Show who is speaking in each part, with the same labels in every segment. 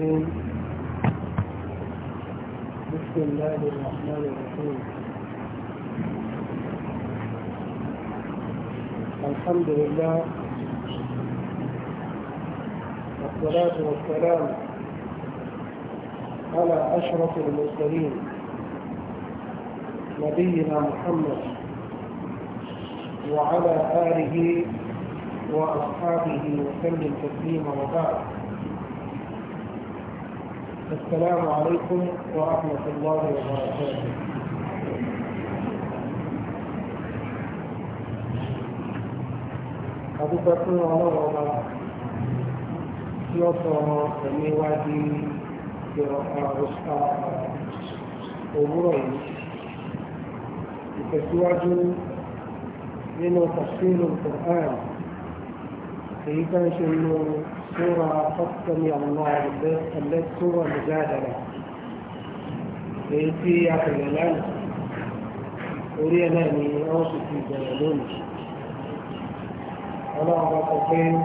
Speaker 1: الرحيم بسم الله الرحمن الرحيم
Speaker 2: الحمد لله والصلاة والسلام على أشرف المرسلين نبينا محمد وعلى آله وأصحابه وسلم تسليما وبعد السلام عليكم ورحمة الله وبركاته أبو بكر الله وبركاته يوصل أمي وادي يوصل رسطة أمورين يتسواج منه تفصيل القرآن كيف يشمل سورة قد يا الله خليت سورة مجادلة في أخي فلان أريد أن أوصف في بيانون أنا أعرفين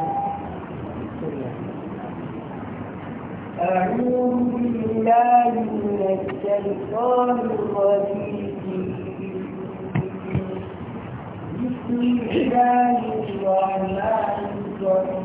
Speaker 3: أعوذ بالله من الشيطان الرجيم بسم الله الرحمن الرحيم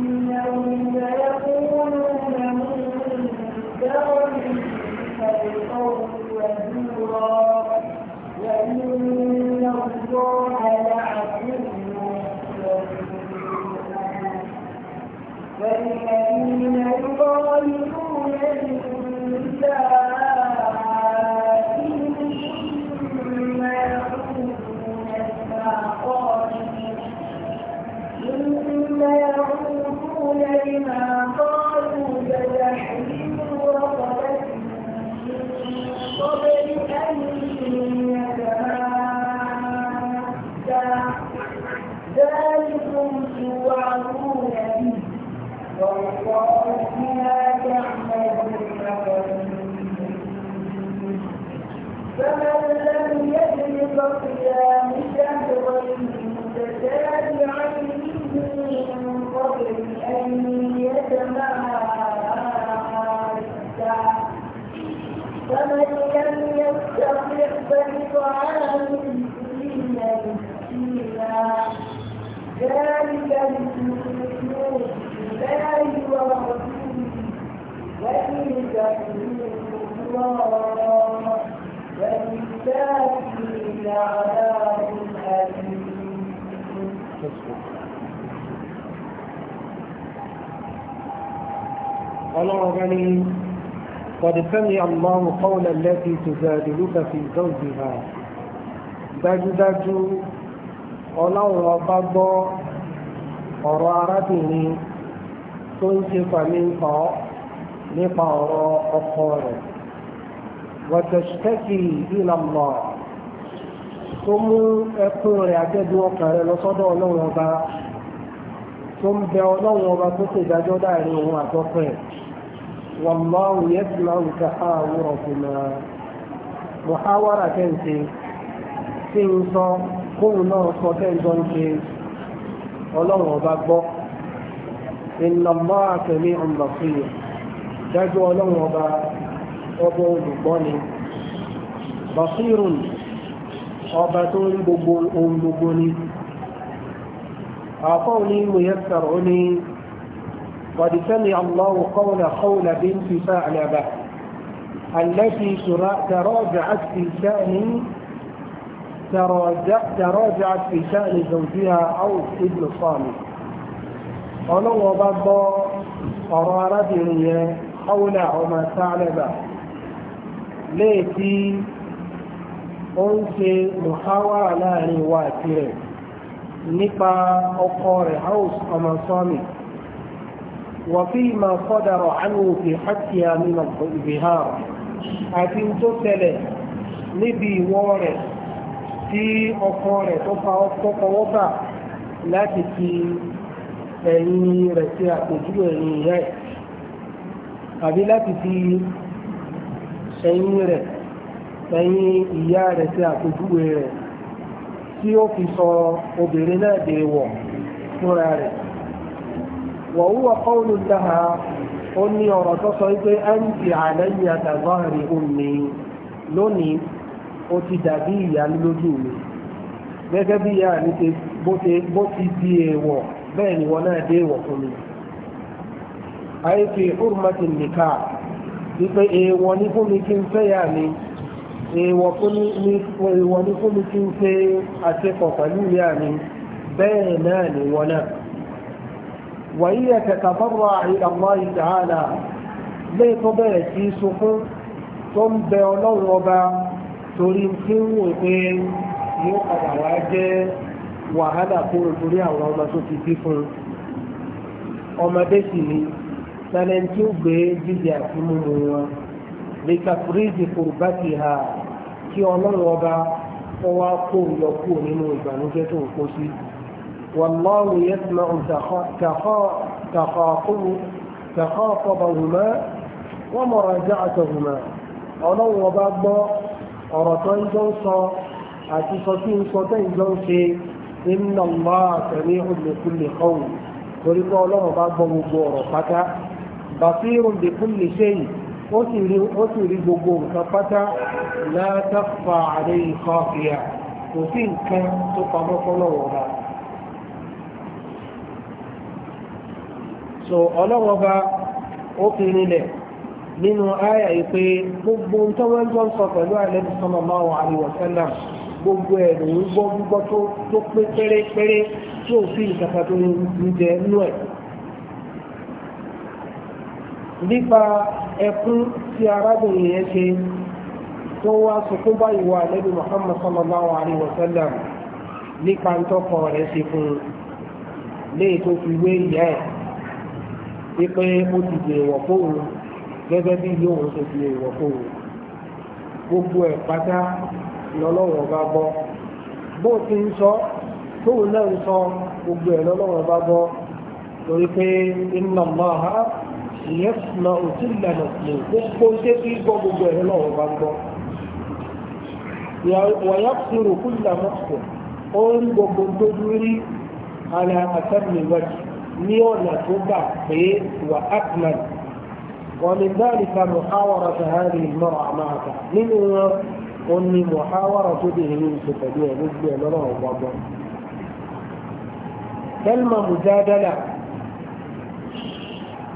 Speaker 2: سمع الله قول التي تجادلك في زوجها dájúdájú ọlọ́run ọba gbọ́ ọ̀rọ̀ arábìnrin tó ń ṣe pàmí ọ̀ nípa ọ̀rọ̀ ọkọ rẹ̀ wọ̀tẹ̀sítẹ́kì ìlànà tó mú ẹkún rẹ̀ àjẹ́dùn ọkàn rẹ̀ lọ́sọ́dọ̀ ọlọ́run ọba tó ń bẹ ọlọ́run ọba tó ṣèdájọ́ dáàrin òun àtọ́kùn rẹ̀. والله يسمع تحاوركما محاورة كنتي تنصى كل نصى كنتي الله بابا إن الله سميع بصير dájọ́ ọlọ́run ọba ọba olùgbọ́ni basirun ọba tó ń gbogbo ohun gbogbo ni àfọ́ ní mùyẹ́sàrò ní قد سمع الله قول قول بنت ثعلبة التي تراجعت في شأن تراجعت في شأن زوجها أو ابن صامت ọlọ́wọ́ bá gbọ́ ọ̀rọ̀ arábìnrin yẹn haúlà ọmọ sáàlẹ́bà léèkí ó ń ṣe mùháwárà láàrin wa àti rẹ̀ nípa ọkọ rẹ̀ haús ọmọ sọ́mìtì وفيما صدر عنه في حقها من الظهار àti tó tẹ̀lẹ̀ níbi ìwọ́ rẹ̀ tí ọkọ rẹ̀ tó fa ọkọ̀wọ́ bà láti fi ẹ̀yìn rẹ̀ sí àpèjúwe ẹ̀yìn rẹ̀ àbí láti fi ẹ̀yìn rẹ̀ ẹ̀yìn si rẹ̀ sí àpèjúwe rẹ̀ fi وهو قول لها أني ورتصيت أنت علي كظهر أمي لوني أتدبي اللجوم gẹ́gẹ́ يعني ìyá mi bó ti di èèwọ̀ bẹ́ẹ̀ ni wọn náà dé èèwọ̀ fún mi. ayé fi nìka wípé èèwọ̀ ní fún mi kí n fẹ́ yà mi èèwọ̀ ní fún mi kí n fẹ́ pẹ̀lú bẹ́ẹ̀ náà ni náà. وهي تتضرع إلى الله تعالى ليتو بيرẹ̀ sí sunkún tó ń bẹ ọlọ́run ọba torí tí ń wò pé yóò padà wá jẹ́ wàhálà fún nítorí àwọn ọmọ tó ti bí fún ọmọdé sì ni tẹ́lẹ̀ ka nínú tó ń kó sí. والله يسمع تخاطبهما ومراجعتهما ọlọ́run ọba gbọ́ ọ̀rọ̀ tó ń jọ ń sọ àti sọ tí ń sọ tó ń jọ ń ṣe inna Allaha sami'un li kulli qawl torí pé ọlọ́run ọba gbọ́ gbogbo ọ̀rọ̀ pátá basirun bi kulli shay ó sì rí gbogbo nǹkan pátá la takhfa alayhi kò sí nǹkan tó pamọ́ fọ́lọ́run ọba. so ọlọ́wọ́ bá ó fi rinlẹ̀ nínú àyà yìí gbogbo tó wọ́n jọ sọ pẹ̀lú àlẹ́bí sọmọ máa wà ní gbogbo ẹ̀ ló ń gbọ́ gbígbọ́ tó pé pérépéré tí ìkàkà tó wípé ó ti di èèwọ̀ fóun gẹ́gẹ́ bí yóò ṣe di èèwọ̀ fóun gbogbo ẹ̀ pátá lọ́lọ́wọ́ bá gbọ́ bó ti ń sọ tóun náà ń sọ gbogbo ẹ̀ lọ́lọ́wọ́ bá gbọ́ torí pé iná máa ha ìyẹn na òtí ìlànà lè gbogbo ṣé kí gbọ́ gbogbo ẹ̀ lọ́lọ́wọ́ bá gbọ́ wọ̀nyá kúrò kúlà mọ́tò ó ń gbogbo tó dúrí àlà àtẹ́mìwájú ní ọ̀nà tó gbà pé wà akman wọ́n ní báyìí ka muhawara ta hàrí mọ́ra àmàkà nínú wọn ó ní muhawara tó dé ìrìn ìṣe pẹ̀lú ẹ̀ lójú ẹ̀ lọ́rọ̀ ọ̀gbọ́gbọ́. kalma mujadala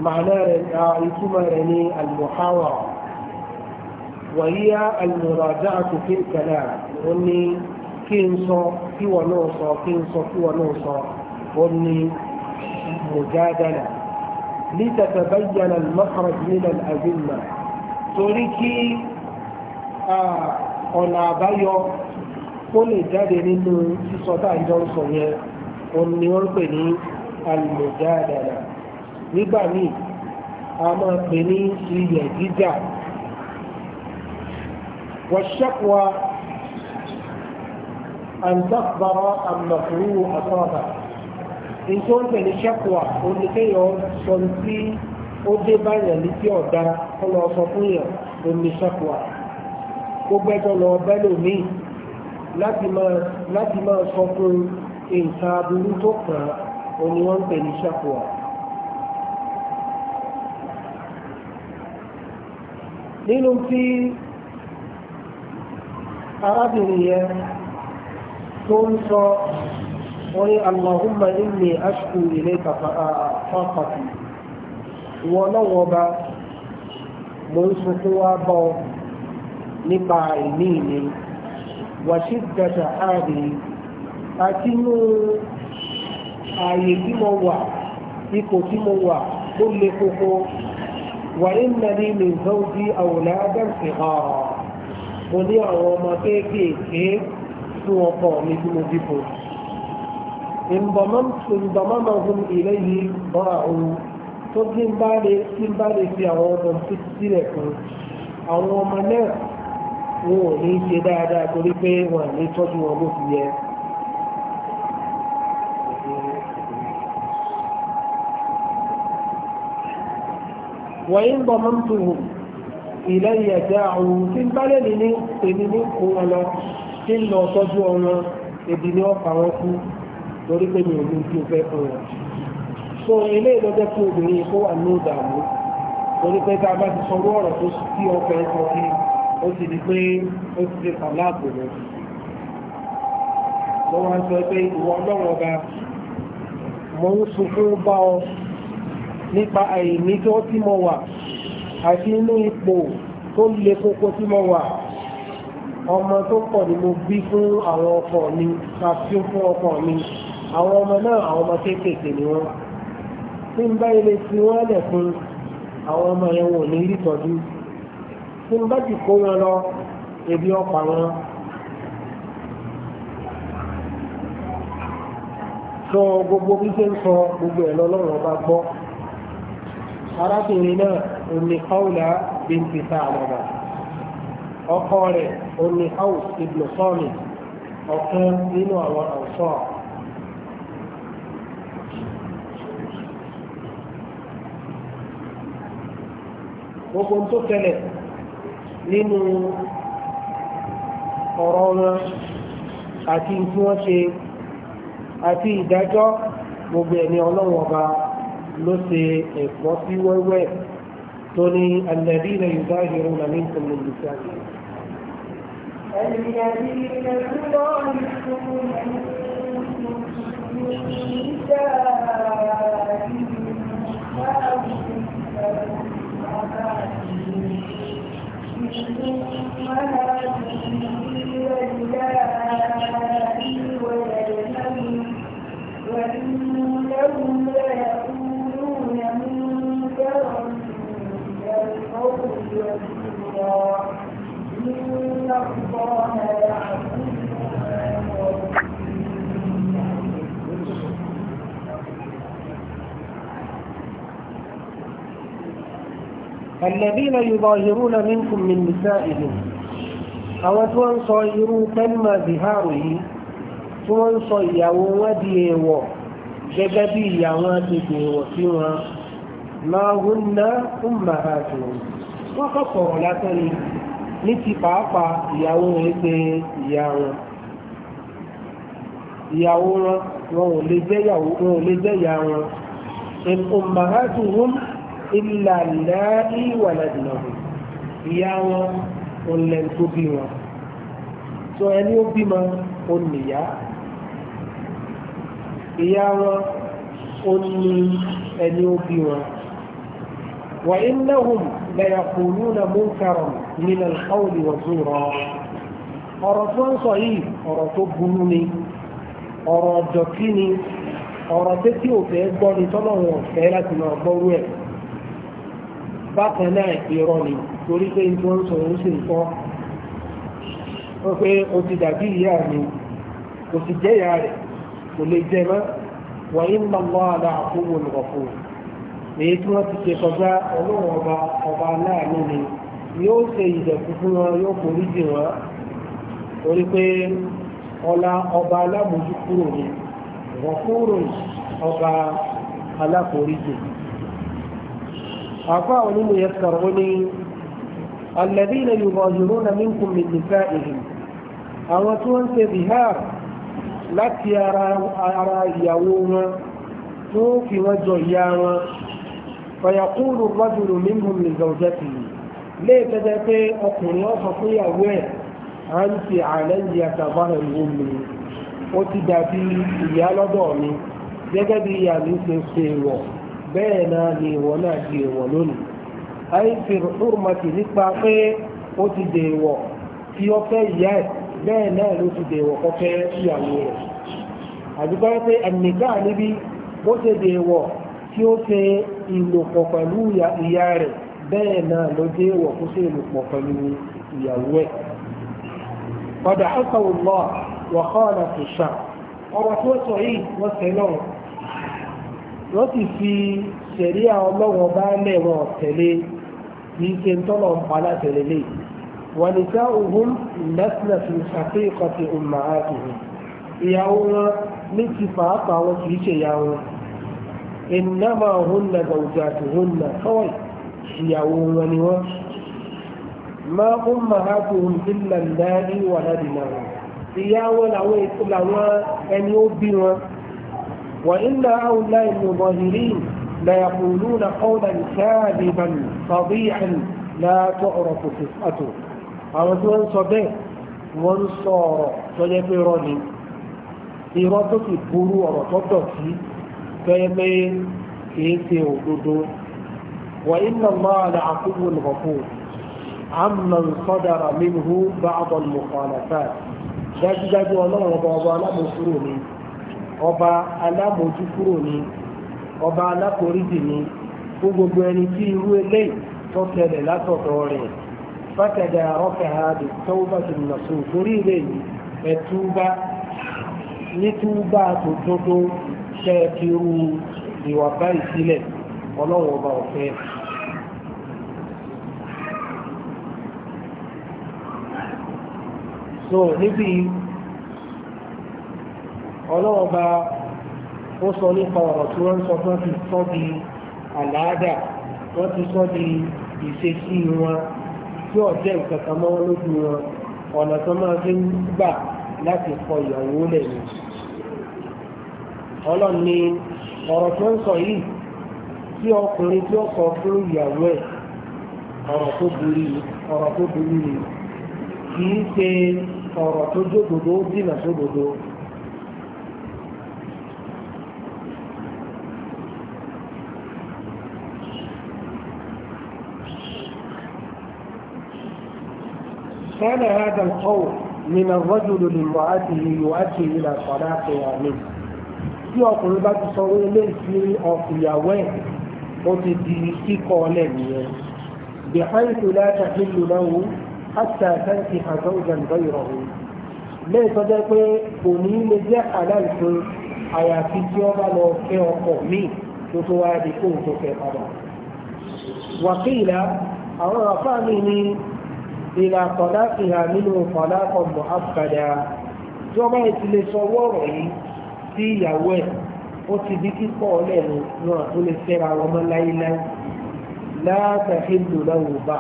Speaker 2: ma'ana rẹ̀ ìtumọ̀ rẹ̀ ní al wàyí al-muraja'a fi al-kalam ó kí n sọ kí wọn náà sọ kí n sọ kí wọn náà sọ ó ní المجادلة لتتبين المخرج من الأذمة تركي ọ̀nà àbáyọ ó lè jáde nínú sísọtá ìjọsọ yẹn òun ni wọ́n pè ní alìmọ̀jáàdàdà nígbà míì a máa pè ní ilẹ̀ jíjà wọ́ṣẹ́pọ̀ àǹtàkùbárọ̀ àmọ̀kúrú àtọ́ọ̀bà ní tó ń tẹ̀lé ṣẹ́kùwà oníkéyàn sọ sí ó dé báyàn ní tí ọ̀dá ọlọ sọ fún yàn omi ṣẹ́kùwà gbogbo ẹjọ́ lọ bẹ́lò míì láti máa sọ fún nǹkan aburú tó kàn án òní wọ́n tẹ̀lé ṣẹ́kùwà. nínú tí arábìnrin yẹn tó ń sọ wọ́n ní Allahumma inni ashku ilayka faqati ìwọ náà wọ́n bá mo ń sunkún wá bọ́ nípa ìní mi wàṣí dàtà ààrẹ àti inú ààyè tí mo wà ipò tí mo wà ó le koko wà ìnáni mi zọ́ọ̀dí àwòrán adáǹsì hàn mo ní àwọn ọmọ kéékèèké fún ọkọ mi tí bí fún un ìbọ̀mọ́mọ́hùn ilé yìí bọ́ àwọn tó kí n bá lè kí n bá lè fi àwọn ọmọ tó sílẹ̀ fún àwọn ọmọ náà wọn ò ní ṣe dáadáa torí pé wọn à ní tọ́jú wọn bó ti yẹ. wọ́n ضمنتهم إلي داعوا tí ń bá lẹ́ni ní èmi ní kó wọn lọ tí ń lọ tọ́jú ọmọ èdè ní ọ̀pá wọn fún torí pé mi ò ní tí o fẹ́ fún wọn. so ilé ìlọ́jọ́ tí obìnrin kó wà ní ìdààmú torí pé tá a bá ti sọ ọ̀rọ̀ tó tí ọkọ̀ ẹ̀ sọ ó ti di pé ó ti di aláàbò rẹ̀. mo máa ń sọ pé ìwọ ọlọ́run ọba mo ń sunkún bá ọ nípa àìní tó tí mo wà àti inú ipò tó le koko tí mo wà ọmọ tó pọ̀ ni mo bí fún àwọn ọkọ mi àti fún ọkọ mi. àwọn ọmọ náà àwọn ọmọ kéékèèké ni wọ́n tí ń bá ilé tí wọ́n fún àwọn ọmọ yẹn wò ní rí tí ń bá ti kó wọn lọ ebi ọ̀pá wọn. sọ gbogbo bí ṣe ń sọ gbogbo ẹ̀ lọ́lọ́run ọba gbọ́ arábìnrin náà omi kọ́ọ̀lá bíntì sáàlọ́bà ọkọ rẹ̀ gbogbo tó tẹlẹ̀ nínú ọ̀rọ̀ wọn àti tí wọ́n ṣe àti ìdájọ́ gbogbo ẹni ọlọ́wọ̀n ọba ló ṣe ẹ̀kọ́ sí wẹ́wẹ́ tó ní alẹ́bí ilẹ̀ yorùbá ìrìn òun àmì ìtọ́lẹ̀ ìgbésí
Speaker 3: àti الذين يظاهرون إن الله يعلم
Speaker 2: الذين يظاهرون منكم من نسائهم أو تنصيروا تم ظهاره تنصيروا وديوا جدبي واتدوا سوى ما هن أمهاتهم وقصر لا تنين ní ti pàápàá ìyàwó rẹ̀ ṣe ìyá wọn ìyàwó ìlà láì wà ládìlọ́hù ìyá wọn ọ̀lẹ̀ tó bí wọn sọ ẹni ó bímọ ó nìyá ìyá wọn ó ní ẹni ó bí wọn wà ináhùn lẹ́yà kùnú na múnkàrọ̀ nínú alhàwùlì wà ọ̀rọ̀ tó ń sọ yìí ọ̀rọ̀ tó burú ni ọ̀rọ̀ ọ̀dọ̀tí ni ọ̀rọ̀ tẹ́tí òfẹ́ gbọ́ ni tọ́lọ́run ọ̀fẹ́ láti lọ gbọ́rú ẹ̀ bákan náà ni torí pé tó ń sọ òun pé o ti dàbí ìyá mi jẹ́ ìyá rẹ̀ kò lè jẹ mọ́ èyí tí wọ́n ti ṣe kọjá ọlọ́run ọba ọba ni yóò ṣe fún wọn yóò forí jì wọn torí pé ọlá àfáà onímù yẹn sọ̀rọ̀ ó ní alladhina yuzahiruna minkum min nisa'ihim àwọn tí wọ́n ń ṣe zihar láti ara ìyàwó wọn tó fi wọ́n jọ ìyá wọn fayaqulu ar-rajulu minhum li zawjatihi léètẹ́jẹ́ pé ọkùnrin ọ̀sán fún ìyàwó ẹ̀ àǹtí àlẹ́yìn àtàbárẹ̀ ìwò mi ó ti dàbí ìyá lọ́dọ̀ mi gẹ́gẹ́ bí ìyá mi ṣe ṣe wọ̀ bẹ́ẹ̀ náà ni ìwọ náà di èèwọ̀ lónìí àìsí rúrùmọ̀tì nípa pé ó ti dèèwọ̀ tí ó fẹ́ ìyá ẹ̀ bẹ́ẹ̀ náà ló ti dèèwọ̀ kó fẹ́ ìyàwó rẹ̀ àdúgbò pé ẹnìkan níbi bó ṣe dèèwọ̀ tí ó ṣe ìlòpọ̀ pẹ̀lú ìyá rẹ̀ bẹ́ẹ̀ náà ló dèèwọ̀ kó ṣe ìlòpọ̀ pẹ̀lú ìyàwó ẹ̀ padà ọ̀sán wọ̀ kọ́ ọ̀nà tó ṣà ọ̀rọ̀ tó sọ yìí wọ́n sẹ́lọ̀rùn wọ́n ti fi ṣẹ̀ríà ọlọ́wọ́n bá lẹ́wọ̀n tẹ̀lé kì í ṣe ń tọ́lọ̀ ń pa látẹ̀lé lé wọ́n ní sá òhun lẹ́sìnà fi ṣàkéèkọ́ ti ọmọ àtìhùn ìyàwó wọn ní ti pàápàá wọn kì í ṣe ìyá wọn ìnáma òhun nà gbàgbà àtìhùn nà tọ́wọ̀ ìyàwó wọn ni wọ́n ma ń ma ha tó ń bí lànà ní wàhálà dìnnà wọn ìyá wọn làwọn ẹni ó bí wọn. وإن هؤلاء المظاهرين ليقولون قولا كاذبا فظيعا لا تعرف صفته àwọn tí wọ́n ń sọ bẹ́ẹ̀ wọ́n ń sọ ọ̀rọ̀ tó yẹ pé rọ́ ni irọ́ tó sì burú ọ̀rọ̀ tó dọ̀tí tó yẹ pé kìí ṣe òdodo wà iná máa lè àkúgbò lọ́kù àmà ń sọ́dára mímú bá àbọ̀lùmọ̀kọ̀ àlàtà dájúdájú ọlọ́run ọba ọba alámọ̀súrò ni ọba alámójúkúrò ni ọba aláforíjì ni fún gbogbo ẹni tí irú eléyìí tó tẹ̀lé rẹ̀ di tọ́wọ́bà tó nà sùn torí eléyìí ẹ̀túbà nítúbà tó tótó ṣe ti rú ìwà báyìí sílẹ̀ ọba ọ̀fẹ́. so níbi ọlọ́ọ̀ba ó sọ nípa ọ̀rọ̀ tí wọ́n ń sọ fún ti sọ di àlàádà wọ́n ti sọ di ìṣesí wọn tí ọ̀jẹ́ nǹkan mọ́ lójú wọn ọ̀nà tó máa fi ń gbà láti kọ ìyàwó lẹ́yìn ọlọ́run ni ọ̀rọ̀ tó ń sọ yìí tí ọkùnrin tí ó kọ fún ìyàwó ẹ̀ كان هذا القول من الرجل لامرأته يؤدي إلى طلاقها منه tí ọkùnrin bá ti sọ̀rọ̀ eléyìí sí ìyàwó ẹ̀ ó ti di kíkọ ọlẹ̀ nìyẹn bìháìtì láta ìlú náà àti àtàǹtì àtọ́jà nǹkan ìrọ̀rùn lẹ́yìn tó jẹ́ pé kò ní lè jẹ́ aláìsọ àyàfi tí ó bá lọ fẹ́ ọkọ míì tó tó wáyé di kóhùn tó fẹ́ padà wàkìlá àwọn àfáà mi ní ìlà tọ̀dá fi hàn nínú ọ̀pọ̀lá ọ̀gbọ̀ àfàdà tí ọmọ yìí ti lè sọ wọ́ọ̀rọ̀ yìí sí ìyàwó ẹ̀ ó ti di kíkọ́ lẹ́nu náà tó lè fẹ́ra ọmọ láíláí látàkìlù láwùú bá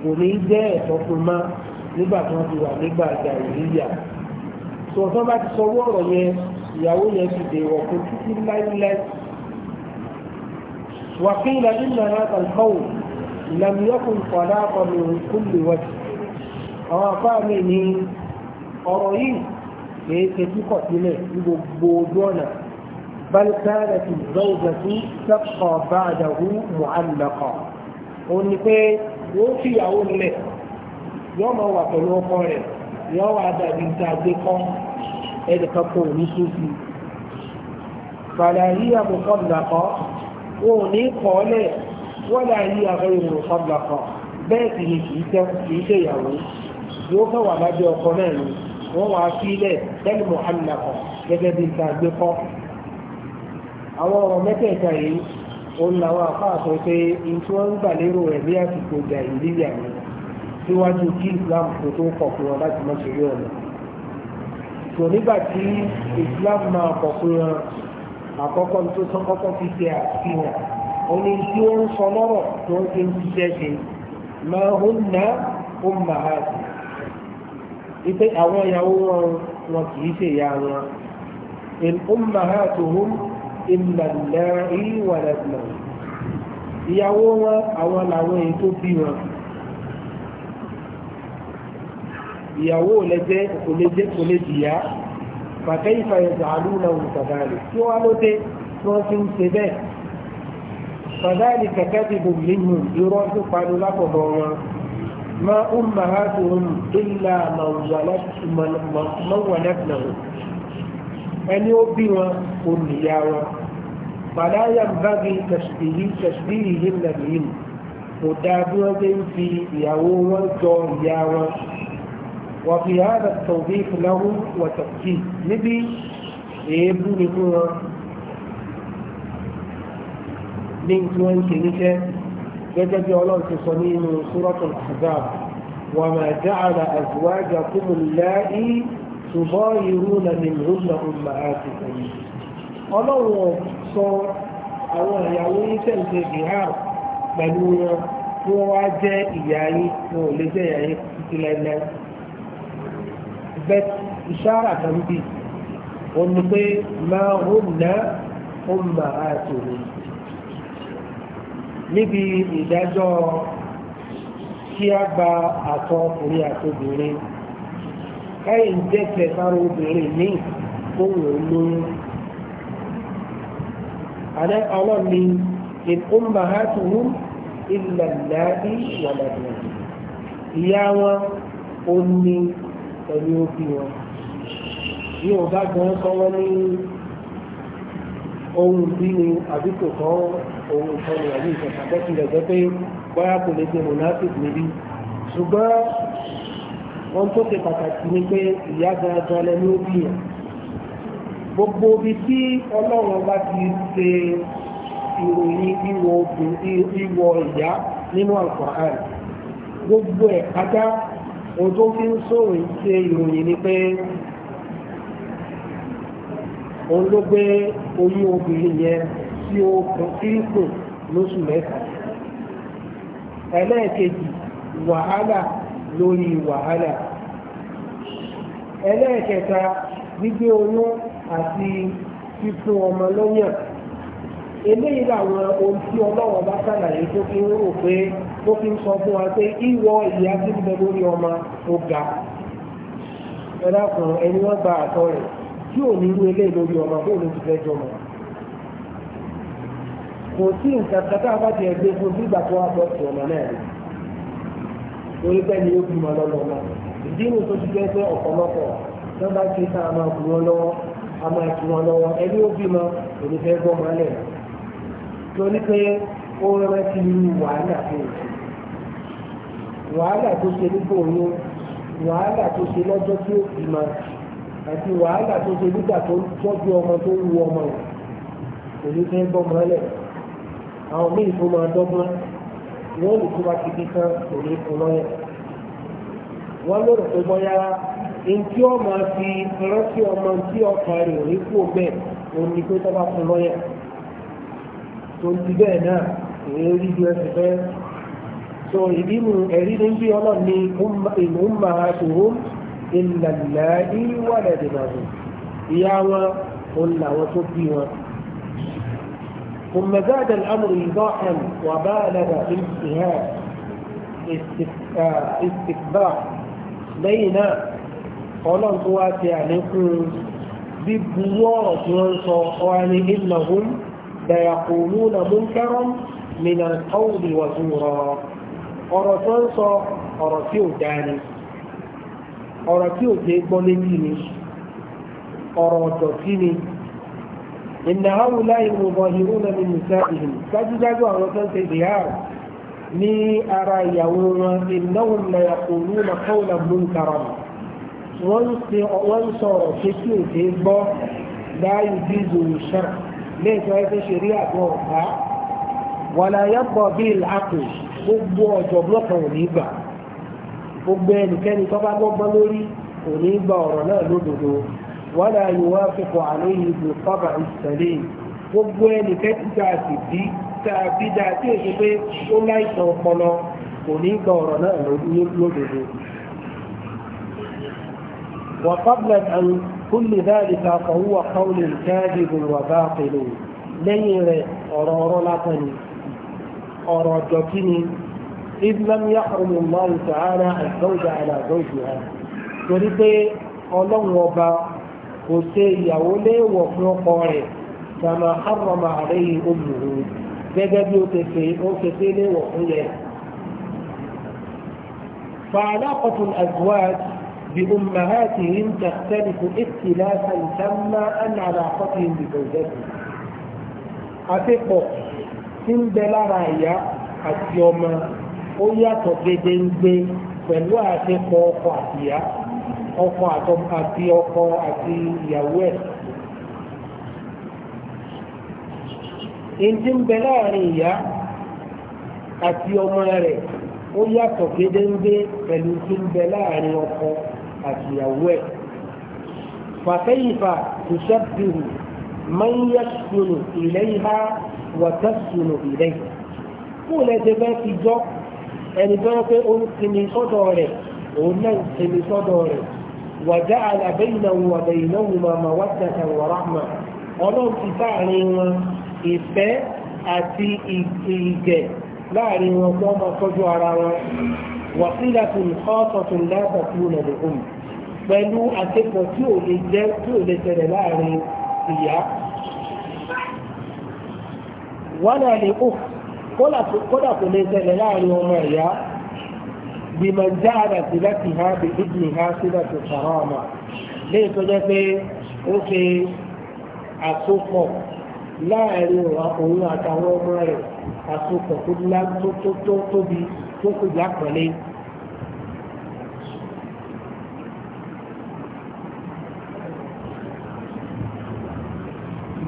Speaker 2: kò ní jẹ́ ẹ̀tọ́ fún má nígbà tí wọ́n ti wà nígbà àgbà ìlíyà sọ̀tọ́ bá ti sọ wọ́ọ̀rọ̀ yẹn ìyàwó yẹn ti dèrò ọ̀pọ̀ títí láíláí wàkílà ìlànà àtàlùkọ́wò لم يكن طلاقا من كل وجه àwọn afáàmì ní ọ̀rọ̀ yìí kìí ṣe kíkọ̀ sílẹ̀ ní gbogbo ojú ọ̀nà balkana ti zọ́ọ̀gà sí sẹ́kọ̀ bá àdàhù mu'allaqah ó ní pé yóò fi ìyàwó nílẹ̀ yóò máa wà pẹ̀lú ọkọ rẹ̀ yóò wà dàbí ìta gbé kọ́ ẹnì kan kò ní tún fàlàyé àbùkọ́ nàkọ́ ó kọ́ lẹ̀ wọ́dà yí àfẹ́rẹ́ ìrìn ọ̀pọ̀lọpọ̀ kan bẹ́ẹ̀ sì ni kì í ṣe ìyàwó yóò kàn wà lábẹ́ ọkọ náà ni wọ́n wàá sílẹ̀ bẹ́ẹ̀ni mọ̀hánà kan gẹ́gẹ́ bí nǹkan àgbẹ̀ kọ́. àwọn ọ̀rọ̀ mẹ́tẹ̀ẹ̀ta yìí òun làwọn àfáà sọ pé ìtú wọn ń gbà lérò rẹ̀ ní àsìkò ìjà ìlíyà ni síwájú kí Islam kò tó kọ̀ fún wọn láti mọ̀ ṣeré ọ̀nà. tò nígbà tí Islam máa kọ̀ fún wọn àkọ́kọ́ tó tán kọ́kọ́ fi ṣe àfihàn òní tí ó ń sọ lọ́rọ̀ tó ń fi ń ṣiṣẹ́ ṣe máa ń ná ó máa ipe àwọn ìyàwó wọn wọn kì í ṣe ìyá wọn. ummahatuhum illa allahi waladna. ìyàwó wọn àwọn làwọn èyí tó bí wọn. ìyàwó lè jẹ́ kò lè jẹ́ kò lè jìyà fa kayfa yaj'aluna òun tí wọ́n á ló tí wọ́n ti ń ṣe bẹ́ẹ̀. فذلك كذب منهم يرد قالوا لك ما أمهاتهم إلا من ولد من ولدنهم أن يؤبوا أمياوا فلا ينبغي تشبيه تشبيههن بهم ودابوا في يوم جورياوا وفي هذا التوضيح لهم وتفكيك نبي يبني إيه ní tí wọ́n ń ṣe níṣẹ́ gẹ́gẹ́ bí ọlọ́run ti sọ nínú suratul ahzab wa ma ja'ala azwajakum allati tudayyiruna minhunna ummahatikum ọlọ́run sọ àwọn ìyàwó níṣẹ́ ìṣe bihar pẹ̀lú wọn tí wọ́n wá jẹ́ ìyá yín wọn ò lè jẹ́ ìyá yín títí láíláí ìṣára kan bíi wọn ni pé máa hùn náà ó máa àtòrò níbi ìdájọ́ kí a gba àtọ̀ ọkùnrin àti obìnrin káyìn jẹ́kẹ̀ sára obìnrin ní ohun olóyún àdá ọlọ́ni in ummahatuhum illa allati wàlàdùn ìyá wọn ó ní ẹni ó bí wọn yóò bá gan sọ wọn ní ohun bí ni àbíkò kan òun nǹkan ní àbí nǹkan tàbí kí lè jẹ́ pé bóyá kò lè dé monastic níbí ṣùgbọ́n wọn tó ṣe pàtàkì ni pé ìyá gangan lẹni ó bì yàn gbogbo ibi tí ọlọ́run bá ti ṣe ìròyìn ìwọ ìwọ ìyá nínú al gbogbo ẹ̀ pátá ohun tó fi ń sọ̀rọ̀ ṣe ìròyìn ni pé òun ló gbé oyún obìnrin yẹn sí okùn kíríkò lóṣù mẹ́ta ẹlẹ́ẹ̀kejì wàhálà lórí wàhálà ẹlẹ́ẹ̀kẹta gbígbé oyún àti fífún ọmọ lọ́yàn eléyìí làwọn ohun tí ọlọ́wọ́ bá sàlàyé tó fi ń rò pé tó fi ń sọ lórí ọmọ tó ga ẹ gba àtọ rẹ tí ò ní eléyìí lórí ọmọ bóun kò sí nǹkan kan tá a bá ti ẹgbẹ́ fún bí ìgbà tó wà bọ́ sí ọmọ náà rí torí bẹ́ẹ̀ ni ó bímọ lọ́lọ́ náà ìdí inú tó ti jẹ́ pé ọ̀pọ̀lọpọ̀ bá ti ta a máa wọn lọ́wọ́ a máa wọn lọ́wọ́ ẹni ó bímọ èmi fẹ́ gbọ́ máa lẹ̀ pé ó rẹ́rẹ́ wàhálà tó ń ṣe wàhálà tó ṣe nígbà wàhálà tó ṣe lọ́jọ́ àwọn míì tó máa dọ́gbọ́n wọ́n lè tó bá ti bí kan kò ní fún lọ́yẹ̀. wọ́n lérò pé bọ́yá ntí ọ máa fi rántí ọmọ ntí ọkàn rẹ̀ ò ní kú bẹ́ẹ̀ òun ni pé tó fún lọ́yẹ̀. tó ń ti bẹ́ẹ̀ náà èyí rí ju ẹsẹ̀ fẹ́. so ìdí mu ẹ̀rí ní bí ọlọ́run ní ìlú máa tòun ìlànà ìwádìí náà ìyá wọn òun làwọn tó bí wọn. ثم زاد الأمر إيضاحا وبالغ في اجتهاد استكبار لين قولان تواتي عليكم ببوارة وانصواني إنهم ليقولون منكرا من القول وزورا أرسان صو داني أرسيو جيبوني أرسيو داني إن هؤلاء المظاهرون من نسائهم فجدوا أن تنسي ظهار ní ara ìyàwó wọn ìnáwó lẹ́yà òru na kọ́ọ̀lá múnkàrà wọ́n sọ̀rọ̀ pé kí o ṣe gbọ́ láàyè bí ìzòwò ṣáà lẹ́ẹ̀kan ẹgbẹ́ ṣeré àbọ̀ ọ̀tá wà láyé pọ̀ bí gbogbo ọ̀jọ̀gbọ́n kan ò ní gbà gbogbo ẹnikẹ́ni tó bá gbọ́gbọ́n lórí ò ní gbà ọ̀rọ̀ náà lódodo ولا يوافق عليه بالطبع السليم gbogbo ẹnikẹ́ni tá a sì bí tá a bí dáa tí èso pé ó láìsàn ọpọlọ kò ní gba ọ̀rọ̀ náà lódodo. وقبل أن كل ذلك فهو قول كاذب وباطل lẹ́yìn rẹ̀ ọ̀rọ̀ ọ̀rọ̀ látàn ni ọ̀rọ̀ ọ̀dọ̀kí ni إذ لم يحرم الله تعالى الزوج على زوجها torí pé ọlọ́run ọba kò ṣe ìyàwó léèwọ̀ fún ọkọ rẹ̀ kàmá harrama àlẹ́yìn olùhù gẹ́gẹ́ bí ó ṣe ṣe ó ṣe ṣe léèwọ̀ fún yẹ. فعلاقة الأزواج بأمهاتهم تختلف اختلافا تاما عن علاقتهم بزوجتهم. أتقوا tí ń bẹ lára ìyá àti ọmọ ó yàtọ̀ gédéńgbé pẹ̀lú àṣepọ̀ ọkọ àti ìyá. ọkọ àti ọkọ àti ìyàwó ẹ̀. Èyí ń bẹ láàrin ìyá àti ọmọ rẹ̀ ó yàtọ̀ gédéńgbé pẹ̀lú tí ń bẹ láàrin ọkọ àti ìyàwó ẹ̀. فكيف تشبه من يسكن إليها وتسكن إليه قول جبات جو ẹni tó ń pé ó ń sinmi sọ́dọ̀ rẹ̀ òun náà ń sinmi sọ́dọ̀ rẹ̀ وجعل بينه وبينهما مودة ورحمة ọlọ́run ti sáàrin wọn ìfẹ́ àti ìgẹ̀ láàrin wọn kí wọ́n máa tọ́jú ara wọn wàsílà tó ní kọ́ọ̀tọ̀ tó ní láàbà tó ní ẹ̀dẹ̀kùn pẹ̀lú àtẹ́kọ̀ọ́ tí ò lè jẹ́ tí ò lè tẹ̀lẹ̀ láàrin ìyá wọ́n náà lè kó kódà kò lè tẹ̀lẹ̀ láàrin ọmọ ìyá بمن جعل صلتها بابنها صلة كرامة ليه تجد أوكي أسوكو لا أريد أقول أتعلم أسوكو كل لم تتطبي تقول لك إيه؟ ولي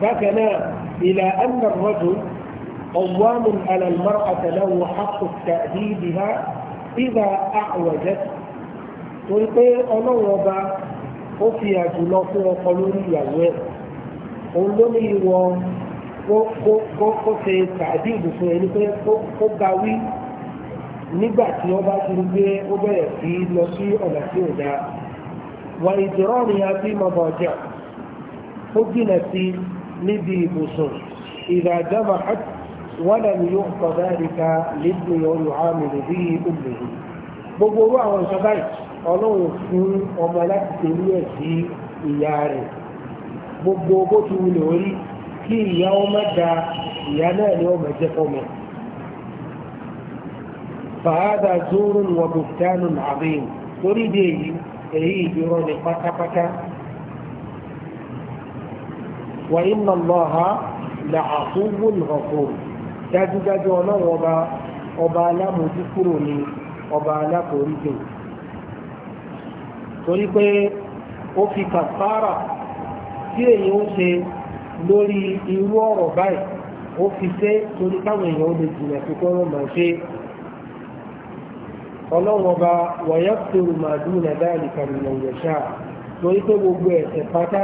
Speaker 2: بكنا إلى أن الرجل قوام على المرأة له حق التأديبها ìgbà àwọ̀jẹ́ torí pé ọlọ́run ọba ó fi àjùlọ fún ọkọ lórí ìyàwó ẹ̀ òun ló ní ìwọ kó ṣe tàbí ìbùsùn ẹni pé kó ga wí nígbà tí wọ́n bá ti ó bẹ̀rẹ̀ sí lọ sí ọ̀nà tí ò dáa a ولم يعط ذلك لابن يعامل به امه gbogbo orú àwọn ìjọba ọlọ́run fún ọmọ láti tẹ̀lé ẹ̀ sí ìyá rẹ̀ gbogbo bó ti wulẹ̀ orí kí ìyá ọmọ da ìyá náà ni ọmọ jẹ́ fọmọ. fàádà zoro ni wọn bùkútánù nàbẹ́yìn torí dé èyí èyí ìdúró ní pátápátá. wà á iná nìkan fún un. dájúdájú ọlọ́run ọba ọba alámójúkúrò ni ọba alákòóríjò torí pé ó fi kàfárà tí èyí ń ṣe lórí irú ọ̀rọ̀ báyìí ó fi ṣe torí káwọn èèyàn ó lè jìnà ṣe ọlọ́run ọba wọ̀nyẹ́ tòrò màdúrà nàdáyà nìkan nìyẹn yẹ̀ṣà torí pé gbogbo ẹ̀ṣẹ̀ pátá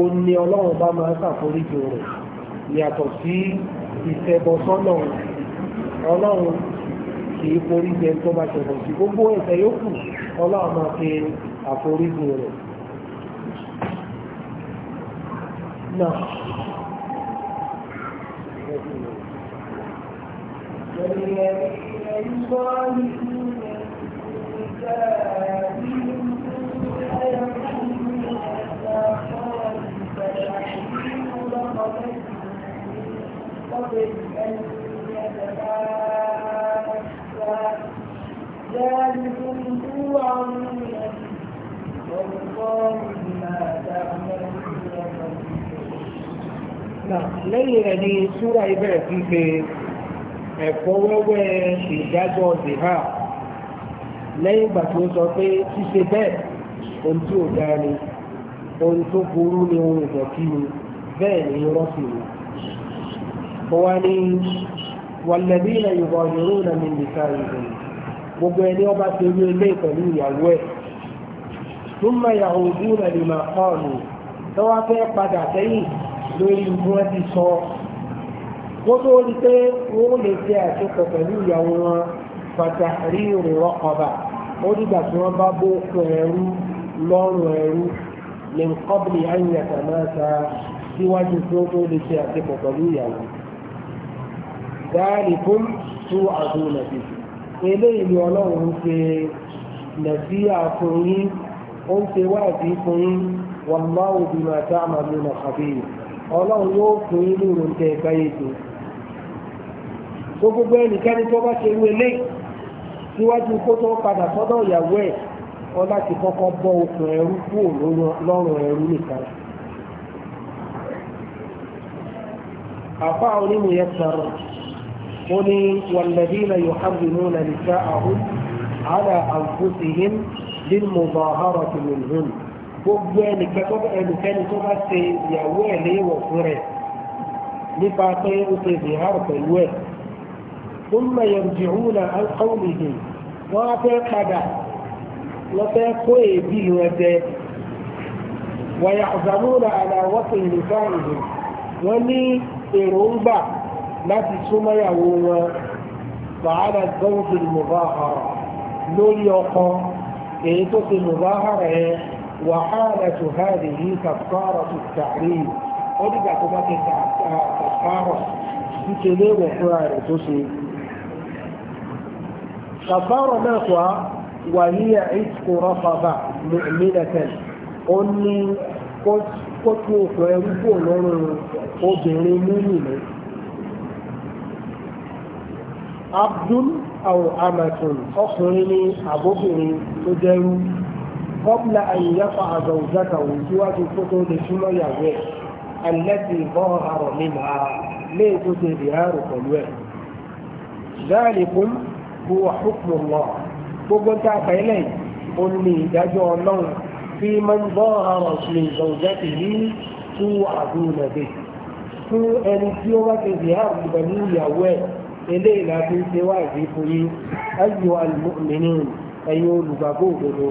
Speaker 2: ó ní ọlọ́run máa ń ìṣẹ̀bọ̀sọ́nà ọlọ́run kì í forí jẹ tó bá ṣẹ̀bọ̀ sí gbogbo ẹ̀ṣẹ̀ yòókù ọlọ́run máa fi àforíjì rẹ̀.
Speaker 1: náà
Speaker 3: والذين يصالحون النساء بأن يتماسى ذلكم توعظون به والله بما تعملون
Speaker 2: lẹ́yìn rẹ̀ ni súra ibẹ̀rẹ̀ fún pé ẹ̀kọ́ wẹ́wẹ́ ìdájọ́ zèhá lẹ́yìn ìgbà tí ó sọ pé ṣíṣe bẹ́ẹ̀ ohun tí ò dáa ni ohun tó burú ni ohun ìdọ̀tí ni bẹ́ẹ̀ ni irọ́ ni wọ́n ní wàlẹ́dínà ìwọ̀ ìrún náà ní nìkan ìrìn gbogbo ẹni ọba ti rí ilé pẹ̀lú ìyàwó ẹ̀ ثم يعودون لما قالوا tọ́wọ́ fẹ́ padà sẹ́yìn lórí wọn ti sọ kó tó rí pé wọ́n lè ṣe àṣepọ̀ pẹ̀lú ìyàwó wọn pàtàkì rè rọ́kọ̀bà ó dìgbà tí wọ́n bá bó fún ẹrú lọ́rùn ẹrú lè kọ́bìlì ayẹyẹ tàmáta síwájú tí ó tó lè ṣe àṣepọ̀ pẹ̀lú ìyàwó. dáàlìkún tó àdún nàbí eléyìí ni ọlọ́run ń ṣe nàbí àkùnrin ó ń ṣe wáàdí fún wallahu bima ta'maluna khabir ọlọ́run yóò fún inú ìròǹtẹ̀ ìbáyé tó tó gbogbo ẹnikẹ́ni tó bá ṣe wọlé síwájú kó tó padà sọ́dọ̀ ìyàwó ẹ̀ ọ láti kọ́kọ́ bọ́ okùn ẹrú kúrò lọ́rùn ẹrú nìkan. àfa onímù yẹn sọ̀rọ̀ قل والذين يحرمون نساءهم على أنفسهم للمظاهرة منهم gbogbo ẹnikẹ́ni tó bá ṣe ìyàwó ẹ̀ léèwọ̀ fún rẹ̀ nípa pé ó ṣe ìhàrù pẹ̀lú ẹ̀ tó mọ̀ yẹ̀rùjì húnà alkọ́wùlìdì wọ́n á fẹ́ padà wọ́n fẹ́ kó èébì wọn jẹ wọ́n yà àzàmúnà àlàwọ́sìn nìkan ìlú wọ́n ní èròǹgbà láti súnmọ́yàwó wọn bàálà gbọ́ǹdì mùbáhàrà lórí ọkọ èyí tó ti mùbáhàrà yẹn wàhálà tó hàdì yìí kàfàrà tó tààrí ó dìgbà tó bá ti kàfàrà nítorí ẹ̀wọ̀ fúnra rẹ̀ tó ṣe. kàfàrà náà kọ́ وهي عتق رقبة مؤمنة أني قد قد يوفى يوفى لنا obìnrin múlùmí abdul aw amatun ọkùnrin ní àbókùnrin tó dẹrú kọ́bla àyíyáfà àgbàwùjáka òun síwájú kó tó lè súnmọ́ ìyàwó ẹ̀ alẹ́tì bọ́ọ̀ nínú ara léè tó ṣe ìhárò pẹ̀lú ẹ̀. ذلكم هو حكم الله gbogbo tá a fẹ́ lẹ́yìn ó ní ìdájọ́ ọlọ́run fi máa ń bọ́ ara ṣe ìzọ̀jẹ́tì yìí eléyìí la fi ń ṣe wá ìdí fún yín ayò alùmọ́mìnì ẹ̀yin olùgbàgbọ́ òdodo.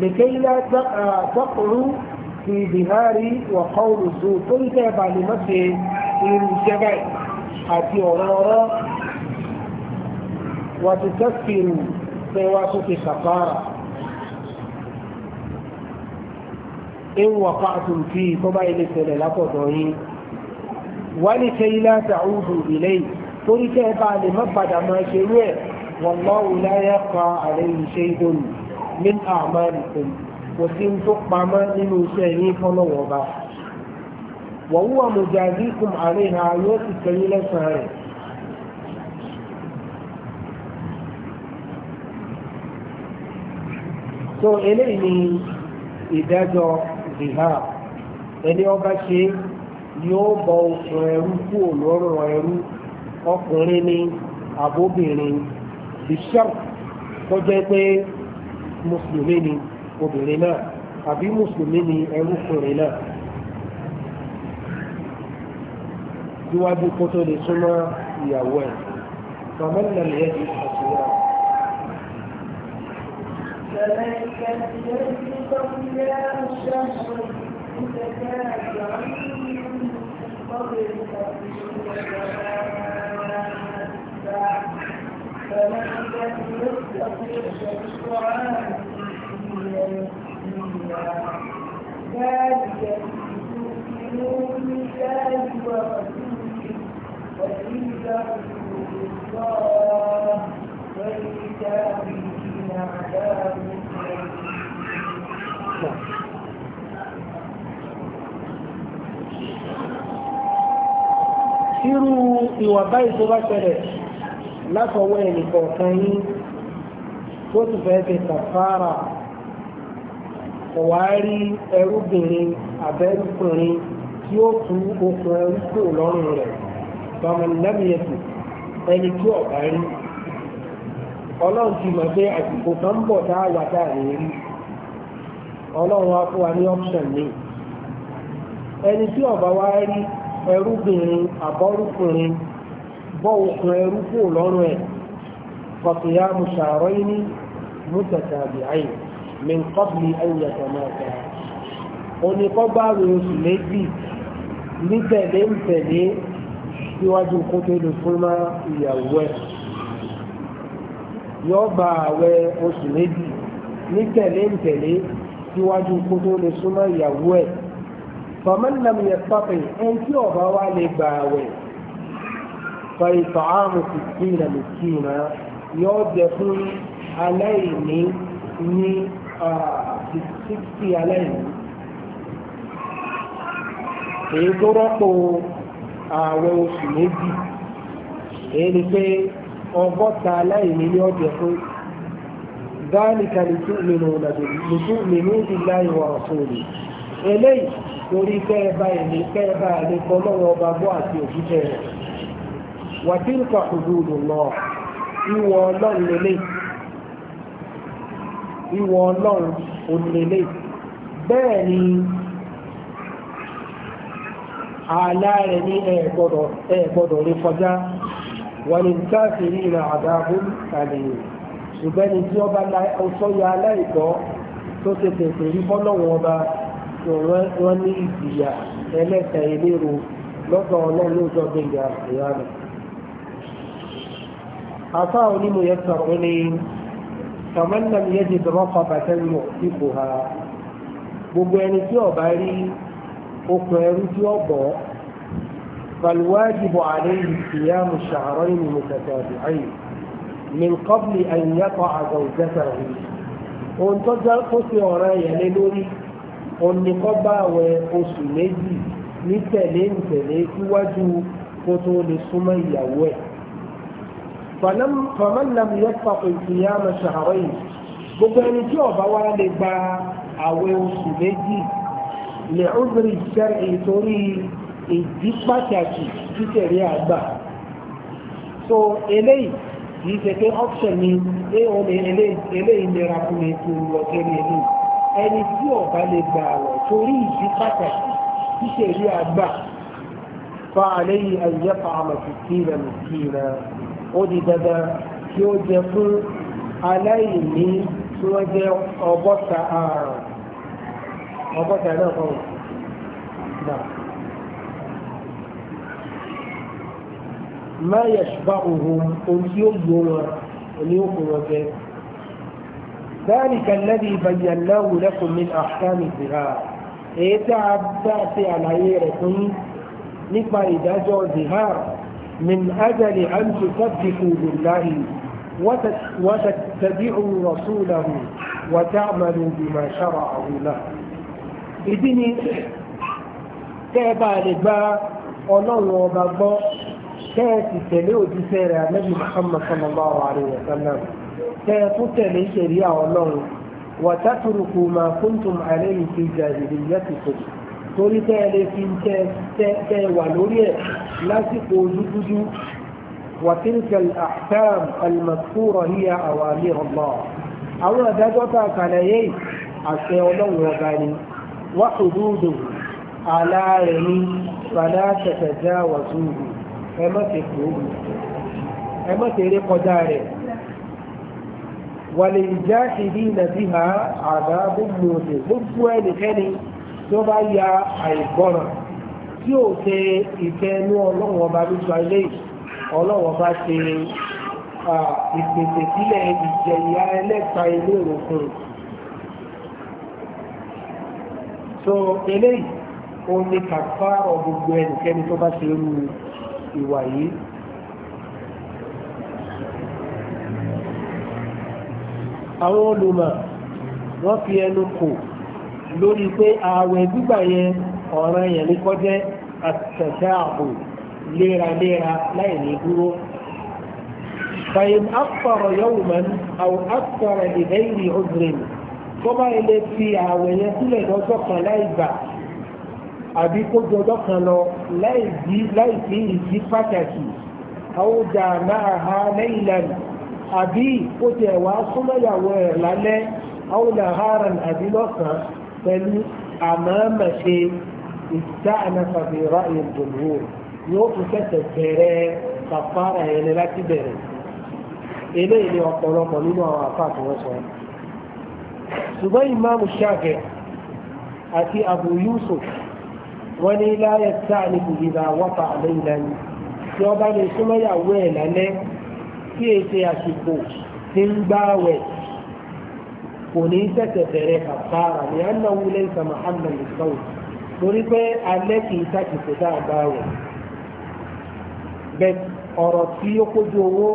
Speaker 2: lèkèyí la tọkùnrú fi bìhárì wà kọ́ọ̀lù sùn torí tẹ́ ẹ bá lè má ṣe irú iṣẹ́ báyìí àti ọ̀rọ̀ ọ̀rọ̀ wà ti tẹ́sìrì pé wá tó ti kàfàrà. إن وقعتم فيه فما إلي سنة لقد وَلِكَيْ لَا تَعُودُوا إِلَيْهِ torí tẹ́ ẹ bá lè má padà máa ṣe rú ẹ̀ wallahu la yaqa alayhi shay'un min a'malikum kò sí ń tó pamọ́ nínú iṣẹ́ yín fọlọ́wọ́ bá wa huwa mujazikum alayha yóò sì tẹ̀yìn lẹ́sàn-án rẹ̀. so eléyìí ni ìdájọ́ zihar ẹni ọba ṣe yóò bọ ẹrú kúrò lọ́rọ̀ ẹrú ọkùnrin ni àbóbìnrin bishop tó jẹ́ pé mùsùlùmí ni obìnrin náà àbí mùsùlùmí ni ẹrúkùnrin náà síwájú kó tó lè súnmọ́ ìyàwó ẹ̀ tọ́mọ́ lè yẹ́dì àṣírà.
Speaker 3: فذلك الذي تولاه
Speaker 2: Iru iwa bayi to ba sẹlẹ̀. látọwọ́ ẹnìkọ̀ọ̀kan yín tó ti fẹ́ ti kàfàrà ọ̀wárí ẹrúbìnrin abẹ́rúkùnrin tí ó tú okùn ẹrúkùn lọ́rùn rẹ̀ bàmọ̀lẹ́mìyẹ̀tù ẹni tí ọ̀bá rí ọlọ́run ti mọ̀ pé àsìkò kan ń bọ̀ tá a wà tá a lè rí ọlọ́run wá fún wa ní option ní ẹni tí ọ̀bá wá rí ẹrúbìnrin àbọ́rúkùnrin bọ́ okùn ẹrú kúrò lọ́rùn ẹ̀ fọ̀tìyà mùsàárọ̀ ní mùtàtàbíàì min qabli an yatamata òní kọ́ bá rò oṣù méjì ní tẹ̀lé ń tẹ̀lé síwájú kó tó lè fún má ìyàwó ẹ̀ yọ́ bá àwẹ̀ oṣù méjì ní tẹ̀lé ń tẹ̀lé síwájú kó tó lè súnmọ́ ìyàwó ẹ̀ fọmọ́nàmìyàn pápẹ́ ẹni tí ọba wa lè gbà àwẹ̀ fa ìtọ̀hámù sì sí ìrẹ̀lẹ̀ sí ìrìnà yóò jẹ fún aláìní ní sixty aláìní èyí tó rọ́pò àwọn oṣù méjì èyí ni pé ọgọ́ta aláìní ní ọjọ́ fún dáníkà lùtúmìnú billahi wa rasulihi eléyìí lórí kẹ́ẹ̀bá ẹ̀mí kẹ́ẹ̀bá ẹ̀mí kọ́ lọ́wọ́ ọba gbọ́ àti òjíṣẹ́ rẹ̀ wàtílùkà òdòdó lọ ìwọ ọlọ́run lélẹ̀ ìwọ ọlọ́run òlélẹ̀ bẹ́ẹ̀ ni ààlá rẹ̀ ní ẹ gbọ́dọ̀ rí kọjá wọ́n ni káàkiri ní ìlà àdáàbò àlèyé ṣùgbọ́n ni tí ọba ọsọ́yà aláìkọ́ tó ṣe tẹ̀sẹ̀ rí fọ́lọ́wọ́n ọba wọ́n ní ìjìyà ẹlẹ́ta ìlérò lọ́dọ̀ ọlọ́run lóòjọ́ gbẹ̀ngà ìyá rẹ̀ afá onímọ̀ yẹn sọ̀rọ̀ ní tọ̀mọ́nàm yẹn ti dọ̀mọ́ kọ bàtẹ́ mọ̀ ipò ha gbogbo ẹni tí ọba rí okùn ẹrú tí ó bọ̀ فالواجب عليه صيام شهرين متتابعين من قبل أن يقع زوجته ohun tó já kó sí ọ̀ràn yẹn lé lórí òun ni kó bá àwẹ̀ oṣù méjì ní tẹ̀lé ń tẹ̀lé síwájú kó tó lè súnmọ́ ìyàwó ẹ̀ fọmọlẹm yẹpàpọ ìfìyàmọ ṣàhárọ yìí gbogbo ẹni tí ọba wa lè gba àwẹ̀ oṣù méjì lè ọdúnrún ìṣẹrẹ ìtorí ìdí pàtàkì títẹrí àgbà so eléyìí kìí ṣe pé option ni pé o lè eléyìí nira fún mi tó lọ ẹni tí ọba lè gba àwẹ̀ torí ìdí pàtàkì títẹrí àgbà fa àlẹ́ yìí ayé fa àmọ̀ fìtínà mìtínà ó di dandan kí ó jẹ fún aláìní tí wọ́n jẹ́ ọgọ́ta ààrùn ọgọ́ta náà kọ́ náà. ما يشبعهم أنسيهم وليوكم ذلك الذي بيناه لكم من أحكام الزهار إيه تعب تعطي على عيركم نقبل إذا زهار من أجل أن تصدقوا بالله وتتبعوا رسوله وتعملوا بما شرعه له ìdí ni kẹ́ẹ̀bá lè gba ọlọ́run ọba gbọ́ kẹ́ẹ̀sì tẹ̀lé òjíṣẹ́ rẹ̀ ànábì muhammad sallallahu alayhi wa sallam kẹ́ẹ̀tún tẹ̀lé ṣẹ̀ríà ọlọ́run wàtàtúrùkù ma kuntum alayhi fi jahiliyyatikum torí tẹ́ ẹ lè fi tẹ́ ẹ wà lórí ẹ̀ lásìkò dúdúdú وتلك الأحكام المذكورة هي أوامر الله أولا دجوتا كاليي أسيولو وغاني وحدوده على رمي فلا تتجاوزوه أما تكون أما تريق داره وللجاحدين بها عذاب موسي ضد ولكني tí ó bá ya àìgbọràn tí ò ṣe ìfẹ́ inú ọlọ́run ọba ló sọ ilé ọlọ́run ọba ṣe ìpèsè sílẹ̀ ìjẹ̀yà ẹlẹ́ta ilé òkun so eléyìí ó ní kàfárà gbogbo ẹnikẹ́ni tó bá ṣe irú ìwà yìí àwọn olùmọ̀ wọ́n fi ẹnu kò lórí pé ààwẹ̀ gbígbà yẹn ọ̀ràn yẹn ní kọjẹ́ àtẹ̀sẹ̀ ààbò léraléra láì ní dúró. fàyín àpọ̀rọ̀ yọ̀wù mọ́ ní àwọn àpọ̀rọ̀ ìdẹ́yìí ọ̀gbìn tó bá ilé fi ààwẹ̀ yẹn sílẹ̀ lọ́jọ́ kan láì gbà àbí kó jọjọ́ kan lọ láì sí ìdí pàtàkì àwọn ọjà máa ha lẹ́yìn lẹ́nu àbí ó tiẹ̀ wá súnmọ́ ìyàwó ẹ̀ lálẹ́ àwọn ọjà haran àbí lọ́sàn-án pẹ̀lú àmọ́mọ̀ṣe ìdáànàfà fi ráàyè jòlúwò yóò tún kẹsẹ̀ bẹ̀rẹ̀ kàfàrà yẹn ni láti bẹ̀rẹ̀ eléyìí ni ọ̀pọ̀lọpọ̀ nínú àwọn àfáàtì wọn sọ ṣùgbọ́n ìmáàmù ṣáàfẹ̀ àti Abu Yusuf wọ́n ní láyé táà ní kò yíra wọ́pà àlẹ́yìn lẹ́yìn tí ọba lè súnmọ́ ẹ̀ lálẹ́ kí èsì àsìkò ti ń gbáwẹ̀ kò ní tẹ̀sẹ̀ bẹ̀rẹ̀ kàfàrà ní anáwó lẹ́yìn sàmà hàmà lè sọ̀rọ̀ torí pé alẹ́ kì í sàkìsẹ̀ dáadáa rẹ̀ bẹ́ẹ̀ ọ̀rọ̀ tí ó kójú owó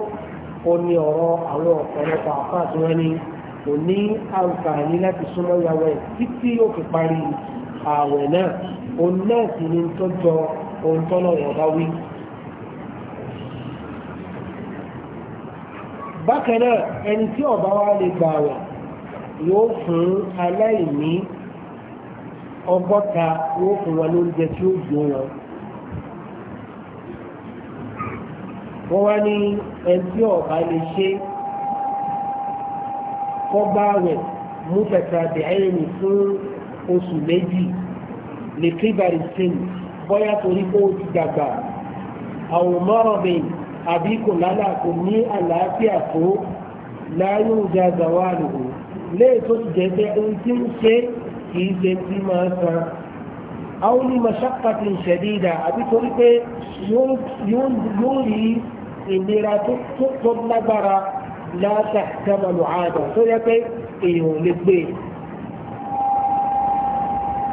Speaker 2: ó ní ọ̀rọ̀ àwọn ọ̀pọ̀lọpọ̀ àfà tí wọ́n ní kò ní àǹfààní láti súnmọ́ ìyàwó títí ó fi parí ààwẹ̀ náà òun náà sì ni tó jọ ohun tọ́lọ̀ ọ̀bá wí. bákan náà ẹni tí ọ̀bá wa lè gbà yóò fún aláìní ọgọ́ta yóò fún wọn lóúnjẹ tí ó gbó wọn. wọ́n wá ní ẹtí ọ̀bá lè ṣe kọ́gbá rẹ̀ mú tẹ̀tẹ̀ àbẹ̀ẹ́yìn fún oṣù méjì lè kíbàrì sínú bóyá torí pé ó ti dàgbà àwọn mọ́rọ̀bìn àbí kò lálàkò ní àlàáfíà tó láyé òjá zàwálùú léè tó ti jẹ́ pé ohun tí ń ṣe kì í ṣe tí máa san àwọn onímọ̀ṣàkàtì ṣẹ̀dídà àbí torí pé yóò rí ìlera tó lágbára láta dámàlù àádọ́ tó yẹ pé èèyàn lè gbé